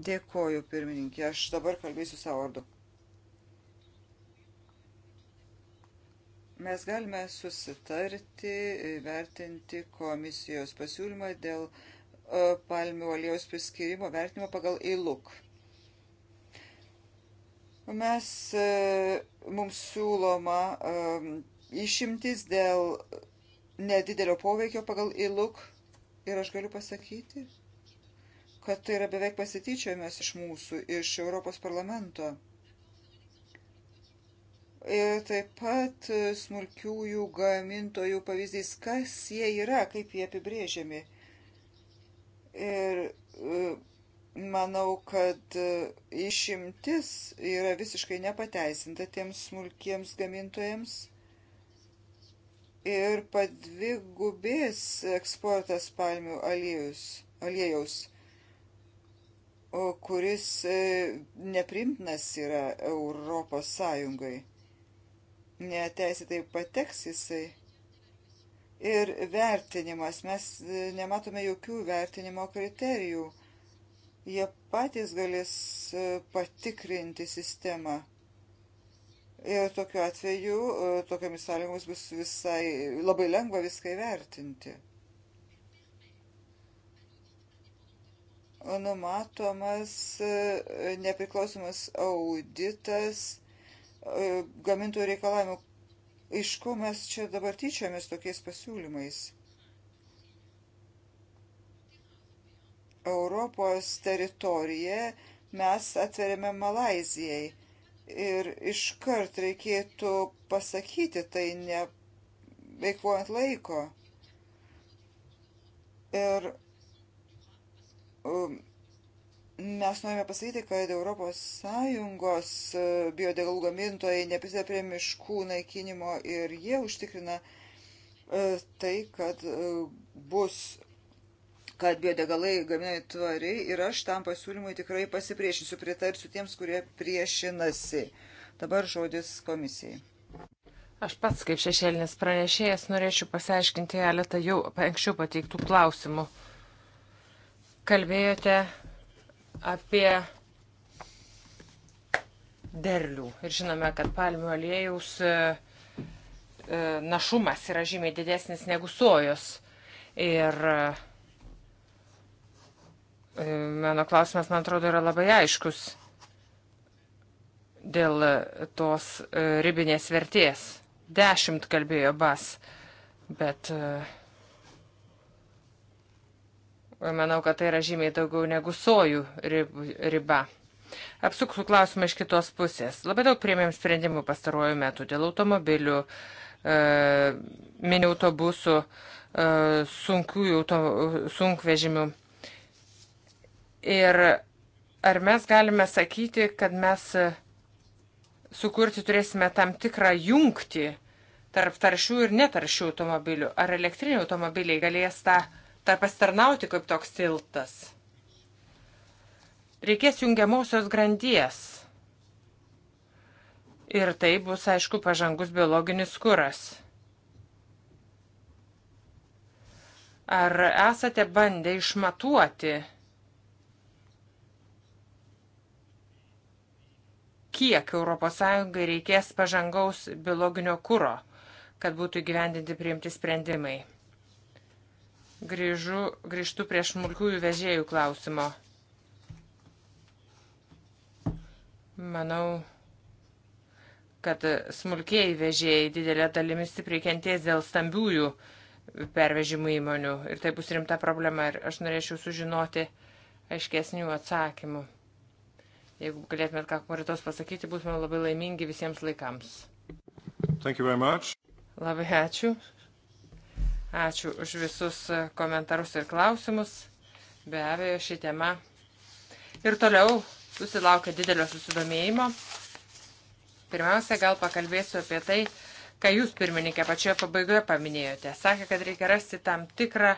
Dėkoju, pirmininkė. Aš dabar kalbėsiu savo vardu. Mes galime susitarti, vertinti komisijos pasiūlymą dėl e, palmių aliejus priskirimo vertinimo pagal eiluk. Mes, e, mums siūloma išimtis dėl nedidelio poveikio pagal įluk ir aš galiu pasakyti, kad tai yra beveik pasityčiojimas iš mūsų, iš Europos parlamento. Ir taip pat e, smulkiųjų gamintojų pavyzdys, kas jie yra, kaip jie apibrėžiami. Ir e, manau, kad e, išimtis yra visiškai nepateisinta tiems smulkiems gamintojams ir padvigubės eksportas palmių aliejus, aliejaus, kuris e, neprimtinas yra Europos Sąjungai. Neteisėtai pateks jisai. Ir vertinimas, mes e, nematome jokių vertinimo kriterijų. Jie patys galės e, patikrinti sistemą Ir tokiu atveju, e, tokiamis sąlygomis bus visai labai lengva viską įvertinti. Numatomas e, nepriklausomas auditas e, gamintojų reikalavimų. Iš ko mes čia dabar tyčiamės tokiais pasiūlymais? Europos teritoriją mes atveriame Malazijai ir iškart reikėtų pasakyti tai ne veikvojant laiko. Ir um, mes norime pasakyti, kad Europos Sąjungos e, biodegalų gamintojai neprisideda prie miškų naikinimo ir jie užtikrina e, tai, kad e, bus kad biodegalai gaminami tvariai ir aš tam pasiūlymui tikrai pasipriešinsiu, pritarsiu tiems, kurie priešinasi. Dabar žodis komisijai. Aš pats kaip šešėlinis pranešėjas norėčiau pasiaiškinti keletą jau anksčiau pateiktų klausimų. Kalbėjote apie derlių ir žinome, kad palmių aliejaus e, e, našumas yra žymiai didesnis negu sojos. Ir uh, Mano klausimas, man atrodo, yra labai aiškus dėl tos e, ribinės vertės. Dešimt kalbėjo bas, bet e, manau, kad tai yra žymiai daugiau negu sojų riba. Apsuksiu klausimą iš kitos pusės. Labai daug priemėm sprendimų pastaruoju metu dėl automobilių, e, mini autobusų, e, sunkiųjų auto, sunkvežimių. Ir ar mes galime sakyti, kad mes sukurti turėsime tam tikrą jungtį tarp taršių ir netaršių automobilių? Ar elektriniai automobiliai galės tą tarp pasitarnauti kaip toks tiltas? Reikės jungiamosios grandies. Ir tai bus, aišku, pažangus biologinis kuras. Ar esate bandę išmatuoti? kiek ES reikės pažangaus biologinio kūro, kad būtų įgyvendinti priimti sprendimai. Grįžu, grįžtu prie smulkiųjų vežėjų klausimo. Manau, kad smulkiai vežėjai didelė dalimi stipriai kenties dėl stambiųjų pervežimų įmonių ir tai bus rimta problema ir aš norėčiau sužinoti aiškesnių atsakymų. Jeigu galėtumėt ką konkretaus pasakyti, būtume labai laimingi visiems laikams. Labai ačiū. Ačiū už visus komentarus ir klausimus. Be abejo, ši tema ir toliau susilaukia didelio susidomėjimo. Pirmiausia, gal pakalbėsiu apie tai, ką jūs, pirmininkė, pačioje pabaigoje paminėjote. Sakė, kad reikia rasti tam tikrą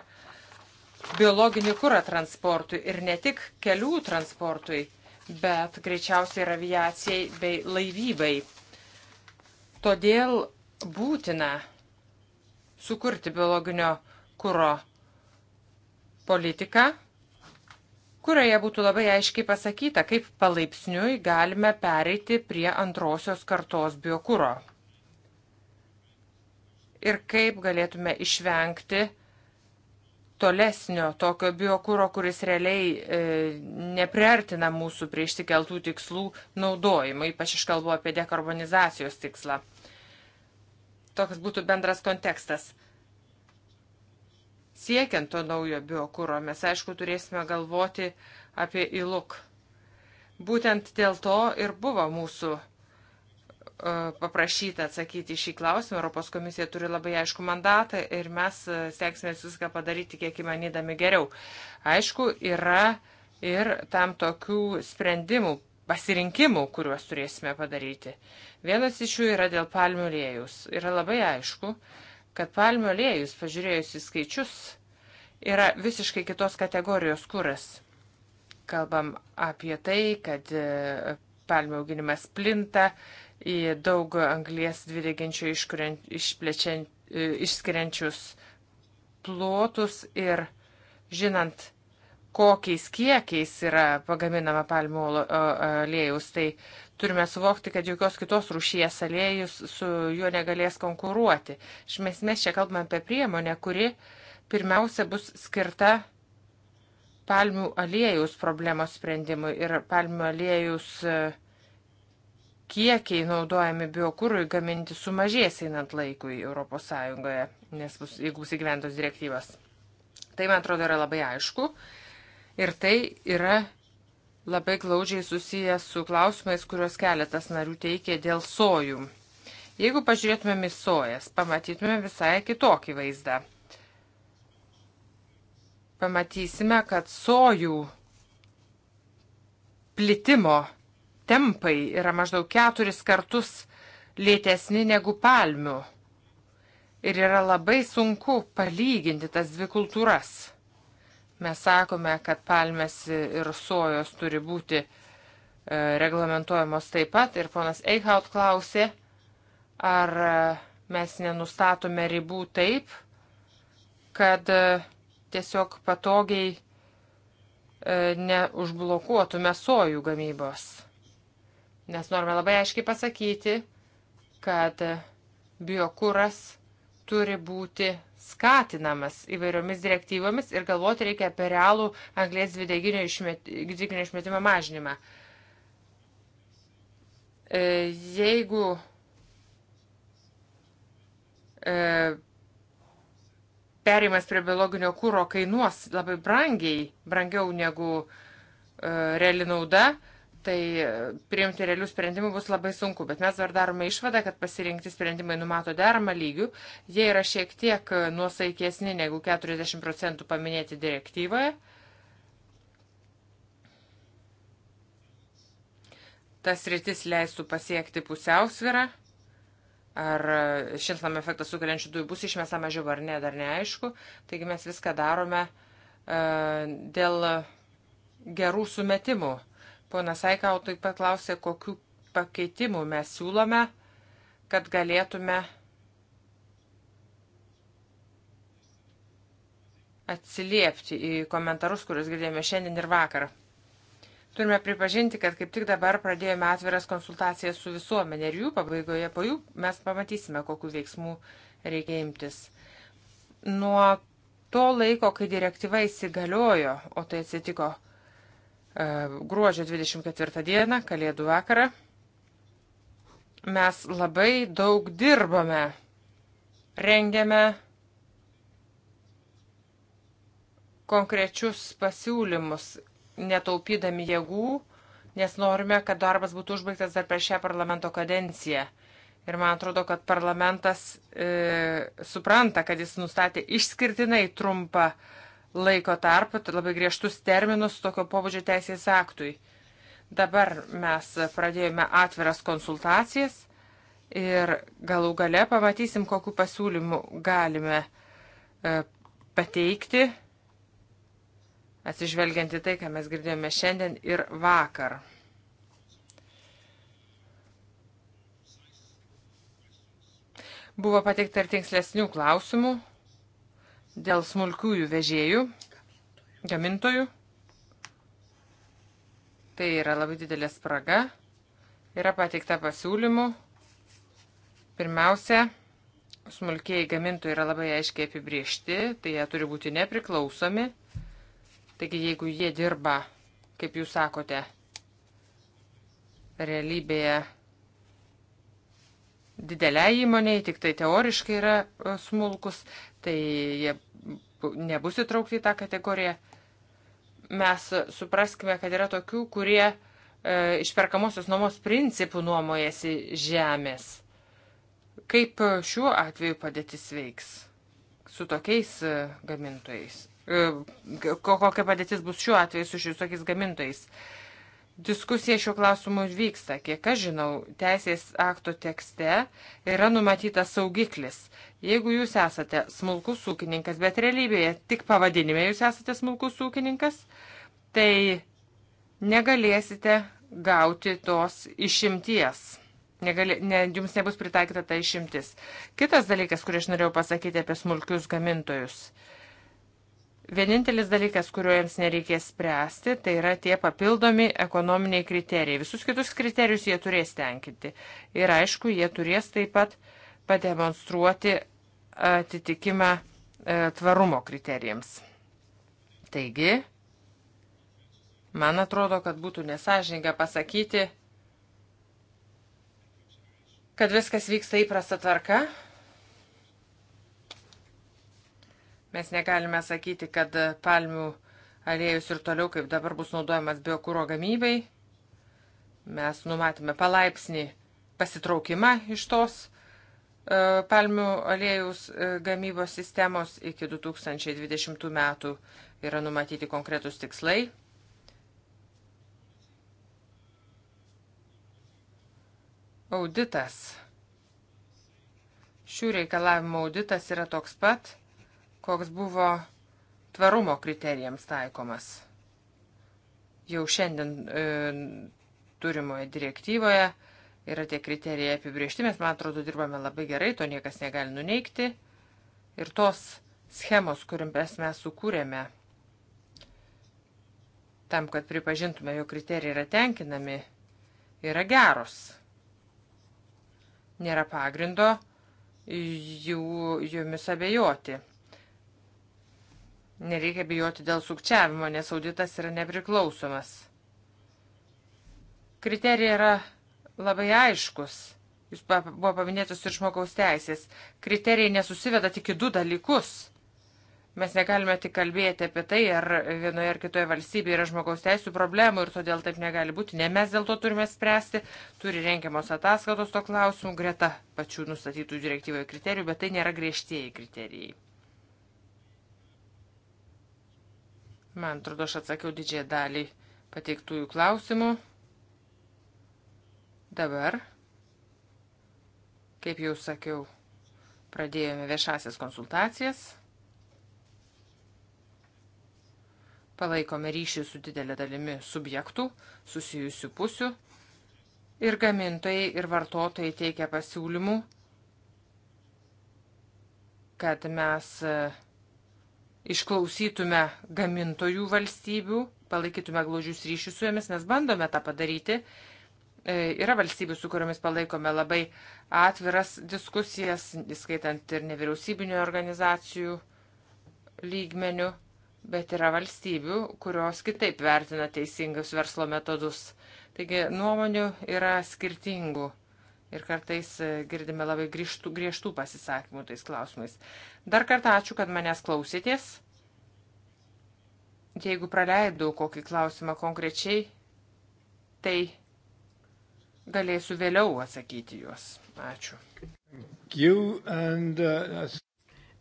biologinį kurą transportui ir ne tik kelių transportui, bet greičiausiai ir aviacijai bei laivybai. Todėl būtina sukurti biologinio kūro politiką, kurioje būtų labai aiškiai pasakyta, kaip palaipsniui galime pereiti prie antrosios kartos biokūro. Ir kaip galėtume išvengti tolesnio tokio biokūro, kuris realiai e, nepriartina mūsų prie išsikeltų tikslų naudojimo, ypač aš kalbu apie dekarbonizacijos tikslą. Toks būtų bendras kontekstas. Siekiant to naujo biokūro, mes aišku turėsime galvoti apie įluk. Būtent dėl to ir buvo mūsų e, E, paprašyta atsakyti šį klausimą. Europos komisija turi labai aišku mandatą ir mes e, seksime viską padaryti kiek įmanydami geriau. Aišku, yra ir tam tokių sprendimų, pasirinkimų, kuriuos turėsime padaryti. Vienas iš jų yra dėl palmių lėjus. Yra labai aišku, kad palmių lėjus, pažiūrėjus į skaičius, yra visiškai kitos kategorijos kuras. Kalbam apie tai, kad e, palmių auginimas plinta į daug anglies dvideginčio e, išskiriančius plotus ir žinant, kokiais kiekiais yra pagaminama palmių aliejus, tai turime suvokti, kad jokios kitos rūšies aliejus su juo negalės konkuruoti. Iš esmės čia kalbame apie priemonę, kuri pirmiausia bus skirta palmių aliejus problemos sprendimui ir palmių aliejus uh, kiekiai naudojami biokūrui gaminti sumažės einant laikui ES, nes bus, jeigu bus įgyventos direktyvas. Tai, man atrodo, yra labai aišku. Ir tai yra labai glaudžiai susijęs su klausimais, kuriuos keletas narių teikė dėl sojų. Jeigu pažiūrėtumėm į sojas, pamatytumėm visai kitokį vaizdą. Pamatysime, kad sojų plitimo tempai yra maždaug keturis kartus lėtesni negu palmių. Ir yra labai sunku palyginti tas dvi kultūras. Mes sakome, kad palmės ir sojos turi būti e, reglamentuojamos taip pat. Ir ponas Eichhaut klausė, ar e, mes nenustatome ribų taip, kad e, tiesiog patogiai neužblokuotume sojų gamybos. Nes norime labai aiškiai pasakyti, kad biokūras turi būti skatinamas įvairiomis direktyvomis ir galvoti reikia apie realų anglės dvideginio išmetimo, išmetimo mažinimą. E, jeigu e, perimas prie biologinio kūro kainuos labai brangiai, brangiau negu e, reali nauda, tai e, priimti realių sprendimų bus labai sunku, bet mes dar darome išvadą, kad pasirinkti sprendimai numato deramą lygių, jie yra šiek tiek e, nuosaikesni negu 40 procentų paminėti direktyvoje. Tas rytis leistų pasiekti pusiausvirą, ar e, šiltnam efektą sukeliančių dujų bus išmesta mažiau ar ne, dar neaišku, taigi mes viską darome uh, dėl gerų sumetimų Ponas Aikau taip pat klausė, kokiu pakeitimu mes siūlome, kad galėtume atsiliepti į komentarus, kuriuos girdėjome šiandien ir vakar. Turime pripažinti, kad kaip tik dabar pradėjome atviras konsultacijas su visuomenė ir jų pabaigoje po jų mes pamatysime, kokiu veiksmu reikia imtis. Nuo to laiko, kai direktyva įsigaliojo, o tai atsitiko E, gruodžio 24 dieną, kalėdų vakarą, mes labai daug dirbame, rengiame konkrečius pasiūlymus, netaupydami jėgų, nes norime, kad darbas būtų užbaigtas dar per šią parlamento kadenciją. Ir man atrodo, kad parlamentas e, supranta, kad jis nustatė išskirtinai trumpą e, laiko tarpą, tai labai griežtus terminus tokio pobūdžio teisės aktui. Dabar mes pradėjome atviras konsultacijas ir galų gale pamatysim, kokiu pasiūlymu galime e, pateikti, atsižvelgiant į tai, ką mes girdėjome šiandien ir vakar. Buvo pateikta ir tinkslesnių klausimų dėl smulkiųjų vežėjų, gamintojų. Tai yra labai didelė spraga. Yra pateikta pasiūlymų. Pirmiausia, smulkiai gamintojai yra labai aiškiai apibriešti, tai jie turi būti nepriklausomi. Taigi, jeigu jie dirba, kaip jūs sakote, realybėje dideliai įmoniai, tik tai teoriškai yra e, smulkus, tai jie nebus įtraukti į tą kategoriją. Mes supraskime, kad yra tokių, kurie e, išperkamosios nuomos principų nuomojasi žemės. Kaip šiuo atveju padėtis veiks su tokiais e, gamintojais? E, kokia padėtis bus šiuo atveju su šiais tokiais gamintojais? E, Diskusija šiuo klausimu vyksta. Kiek aš žinau, teisės akto tekste yra numatytas saugiklis. Jeigu jūs esate smulkus ūkininkas, bet realybėje tik pavadinime jūs esate smulkus ūkininkas, tai negalėsite gauti tos išimties. Negali, ne, jums nebus pritaikyta ta išimtis. Kitas dalykas, kurį aš norėjau pasakyti apie smulkius gamintojus. Uh, Vienintelis dalykas, kuriuo jiems nereikės spręsti, tai yra tie papildomi ekonominiai kriterijai. Visus kitus kriterijus jie turės tenkinti. Ir aišku, jie turės taip pat pademonstruoti atitikimą e, tvarumo kriterijams. Taigi, man atrodo, kad būtų nesažininga pasakyti, kad viskas vyksta įprasta tvarka, Mes negalime sakyti, kad palmių aliejus ir toliau, kaip dabar bus naudojamas biokūro gamybai. Mes numatėme palaipsnį pasitraukimą iš tos e, palmių aliejus e, gamybos sistemos iki 2020 metų yra numatyti konkretus tikslai. Auditas. Šių reikalavimų auditas yra toks pat koks buvo tvarumo kriterijams taikomas. Jau šiandien e, turimoje direktyvoje yra tie kriterijai apibriežti, mes, man atrodo, dirbame labai gerai, to niekas negali nuneikti. Ir tos schemos, kurias mes sukūrėme, tam, kad pripažintume, jo kriterijai yra tenkinami, yra geros. Nėra pagrindo jų, jomis abejoti. Nereikia bijoti dėl sukčiavimo, nes auditas yra nepriklausomas. Kriterija yra labai aiškus. Jūs buvo paminėtos ir žmogaus teisės. Kriterijai nesusiveda tik į du dalykus. Mes negalime tik kalbėti apie tai, ar vienoje ar kitoje valstybėje yra žmogaus teisų problemų ir todėl taip negali būti. Ne mes dėl to turime spręsti, turi renkiamos ataskaitos to klausimų greta pačių nustatytų direktyvoje kriterijų, bet tai nėra griežtieji kriterijai. Man atrodo, aš atsakiau didžiąją dalį pateiktųjų klausimų. Dabar, kaip jau sakiau, pradėjome viešasias konsultacijas. Palaikome ryšį su didelė dalimi subjektų, susijusių pusių. Ir gamintojai, ir vartotojai teikia pasiūlymų, kad mes uh, išklausytume gamintojų valstybių, palaikytume glaužius ryšius su jomis, nes bandome tą padaryti. E, yra valstybių, su kuriomis palaikome labai atviras diskusijas, įskaitant ir nevyriausybinio organizacijų lygmenių, bet yra valstybių, kurios kitaip vertina teisingus verslo metodus. Taigi nuomonių yra skirtingų. Ir kartais e, girdime labai grįžtų, griežtų pasisakymų tais klausimais. Dar kartą ačiū, kad manęs klausėtės. Jeigu praleidau kokį klausimą konkrečiai, tai galėsiu vėliau atsakyti juos. Ačiū. Uh,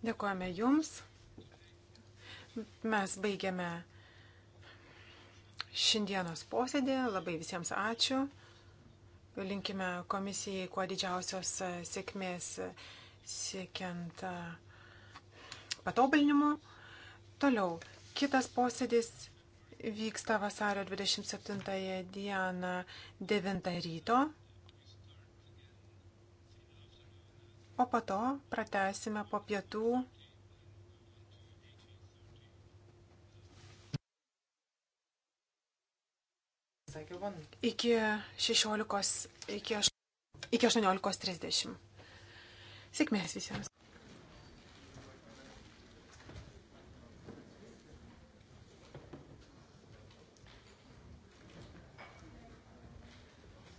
Dėkojame Jums. Mes baigiame šiandienos posėdį. Labai visiems ačiū. Linkime komisijai kuo didžiausios e, sėkmės e, siekiant e, patobulinimų. Toliau, kitas posėdis vyksta vasario 27 dieną 9 ryto, o po to pratesime po pietų iki 16, iki, iki 18.30. Sėkmės visiems.